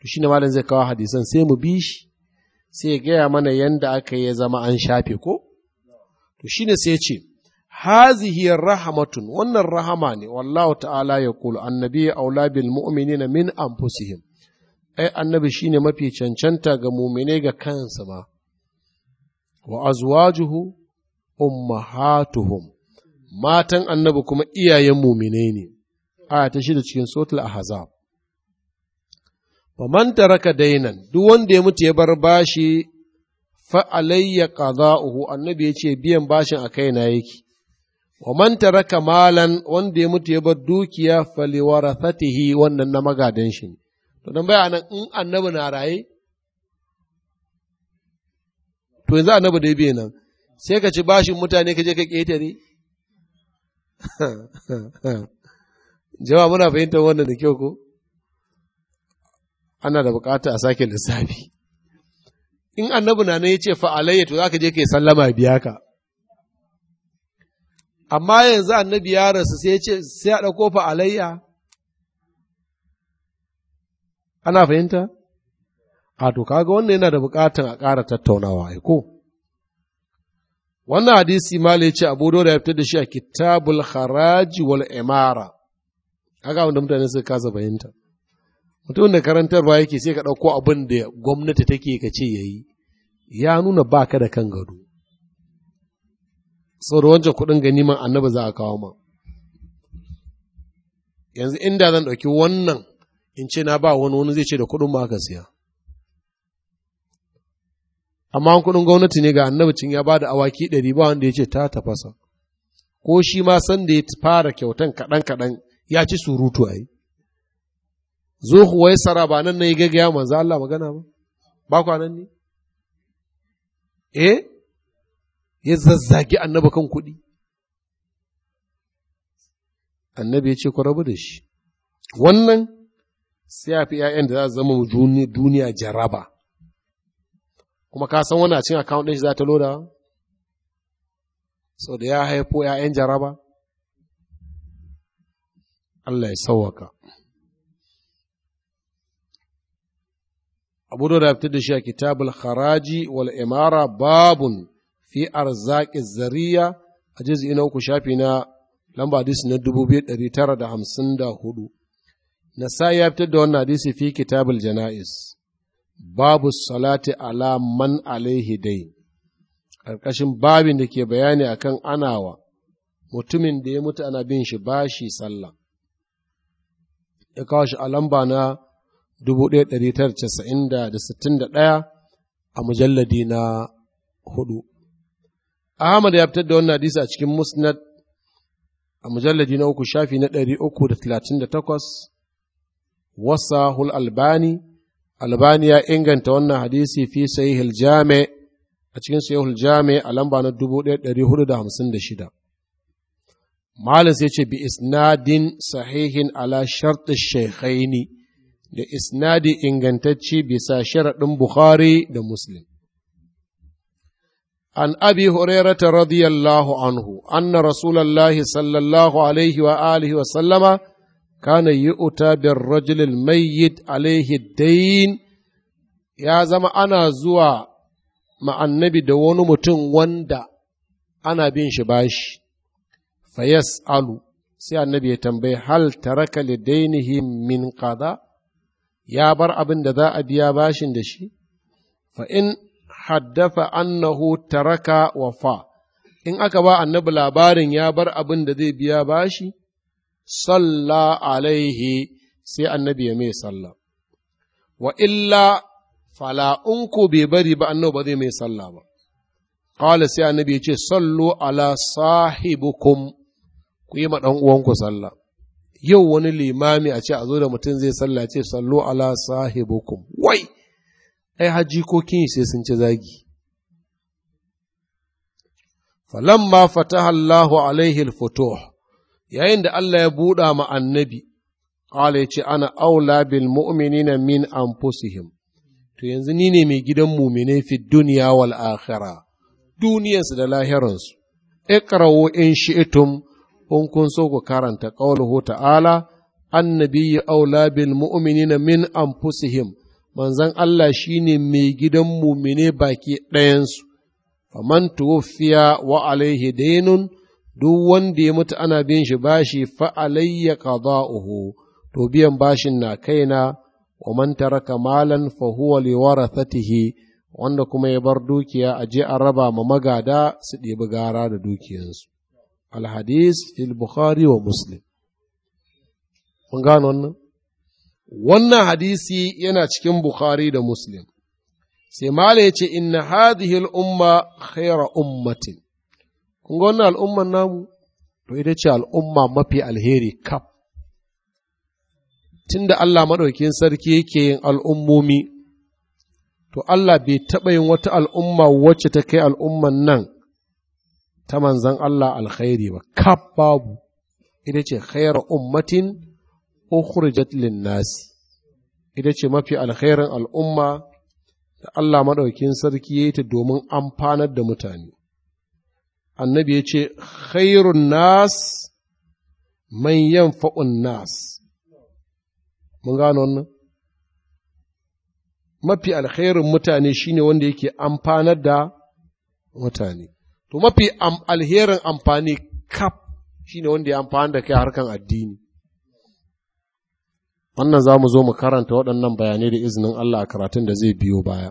to shine malam zai kawo hadisan sai mu bi shi sai ya gaya mana yanda aka yi zama an shafe ko to shine sai ya ce hazihi rahamatun wannan rahama ne wallahu ta'ala ya kulu annabi aula bil mu'minina min anfusihim ai annabi shine mafi cancanta ga mumine ga kansa ma wa azwajuhu ummahatuhum matan annabi kuma iyayen mumine ne aya ta shida cikin sotul ahzab man taraka dainan duk wanda ya mutu ya bar bashi fa alayya qada'uhu annabi ya ce biyan bashin a kaina yake wa man taraka malan wanda ya mutu ya bar dukiya faliwarathatihi wannan na magadan shi ne To don baya nan in annabi na raye to yanzu annabi dai biya nan sai ka ci bashin mutane ka je ka ƙetare. [LAUGHS] Jawa muna fahimtar wannan da kyau ko? Ana da bukata a sake lissafi. In annabi na nan ya ce fa'alayya to za ka je ka yi sallama biya ka. Amma yanzu annabi ya rasu sai ya ce sai a ɗauko fa'alayya. Ana fahimta? A to kaga wannan yana da bukatan a ƙara tattaunawa ai ko? Wannan hadisi mala ya ce Abu da ya fitar da shi a Kitabul Haraji wal Imara. ga wanda mutane suka kasa fahimta. Mutumin da karantarwa yake sai ka ɗauko abin da gwamnati take ka ce ya yi. Ya nuna ba ka da kan gado. Saboda wancan kuɗin ganiman annabi za a kawo ma. Yanzu inda zan ɗauki wannan in ce na ba wani wani zai ce da kuɗin ma aka siya amma kuɗin gwamnati ne ga annabicin ya ba da awaki ɗari ba wanda ya ce ta tafasa ko shi ma san da ya fara kyautan kaɗan kaɗan ya ci surutu a yi zo huwai sara ba nan na yi gaggaya manzo Allah magana ba ba ku nan ne eh ya zazzagi annabi kan kuɗi annabi ya ce ku rabu da shi wannan sai ya fi ‘ya'yan da za su zama duniya jaraba kuma ka san wani a cin akawun ɗin shi za ta loda sau da ya haifo ‘ya'yan jaraba Allah ya sauwaka abu da fitar da shi a kitabul haraji wal imara babun fi arzaki zariya a jizi na uku shafi na lamba na da Nasa'i ya fitar da wannan hadisi fi kitabul jana'is babu salati ala man alaihi dai ƙarƙashin babin da ke bayani akan anawa mutumin da ya mutu ana bin shi bashi sallah ya kawo shi a lamba na 1961 a mujalladi na hudu Ahmad ya fitar da wannan hadisi a cikin Musnad a mujalladi na uku shafi na 338 wasahul albani albani ya inganta wannan hadisi fi sahihul jami a cikin sahihul jami a lamba na 1456 malam sai ce bi isnadin sahihin ala shartu shaykhaini da isnadi ingantacci bisa sharaɗin Bukhari da Muslim. An abi Hurairata radiyallahu anhu, anna Rasulallahi sallallahu alaihi wa alihi wa sallama kana yu'ta bir rajulil mayyit alaihi dayn ya zama ana zuwa ma annabi da wani mutum wanda ana bin shi bashi fayas alu sai annabi ya tambayi hal taraka li dainihi min kaza. ya bar abin da za a biya bashin da shi fa in haddafa annahu taraka wafa in aka ba annabi labarin ya bar abin da zai biya bashi salla alaihi sai annabi ya mai sallah wa illa fala in bai bari ba annabi ba zai mai sallah ba qala sai annabi ya ce sallu ala sahibukum ku yi ma dan uwanku sallah yau wani limami a ce a zo da mutum zai sallace ce sallu ala sahibukum wai ai haji ko kin sai sun ci zagi falamma fataha Allahu alaihi al-futuh yayin da Allah ya buɗa ma annabi ƙala ya ce ana aula bil mu'minina min anfusihim to yanzu ni ne mai gidan muminai fi duniya wal akhira duniyarsu da lahiransu ikrawo in shiitum kun kun so ku karanta qawluhu ta'ala annabi ya aula bil mu'minina min anfusihim manzon Allah shine mai gidan mumine baki ɗayansu faman fiya wa alaihi dainun duk wanda ya mutu ana bin shi bashi fa alayya qada'uhu to biyan bashin na kaina wa man taraka malan fa huwa liwarathatihi wanda kuma ya bar dukiya a je a raba ma magada su ɗebi gara da dukiyansu alhadis fil bukhari wa muslim mun gano wannan wannan hadisi yana cikin bukhari da muslim sai mala ya ce inna hadhihi al umma khaira ummatin Kungo na wannan al'umman namu to ita ce al'umma mafi alheri kaf tunda Allah maɗaukin sarki yake yin al'ummomi to Allah bai taɓa yin wata al'umma wacce ta kai al'umman nan ta manzan Allah alkhairi ba kaf babu ita ce khairu ummatin ukhrijat lin-nas ita ce mafi alkhairin al'umma da Allah maɗaukin sarki ya yi ta domin amfanar da mutane annabi ya ce khairun nas manyan fa’un nas mun gano wannan mafi alkhairun mutane shine wanda yake amfanar da mutane to mafi alherin amfani kaf shine wanda ya amfana da kai harkan addini wannan za mu zo mu karanta waɗannan bayanai da izinin Allah a karatun da zai biyo baya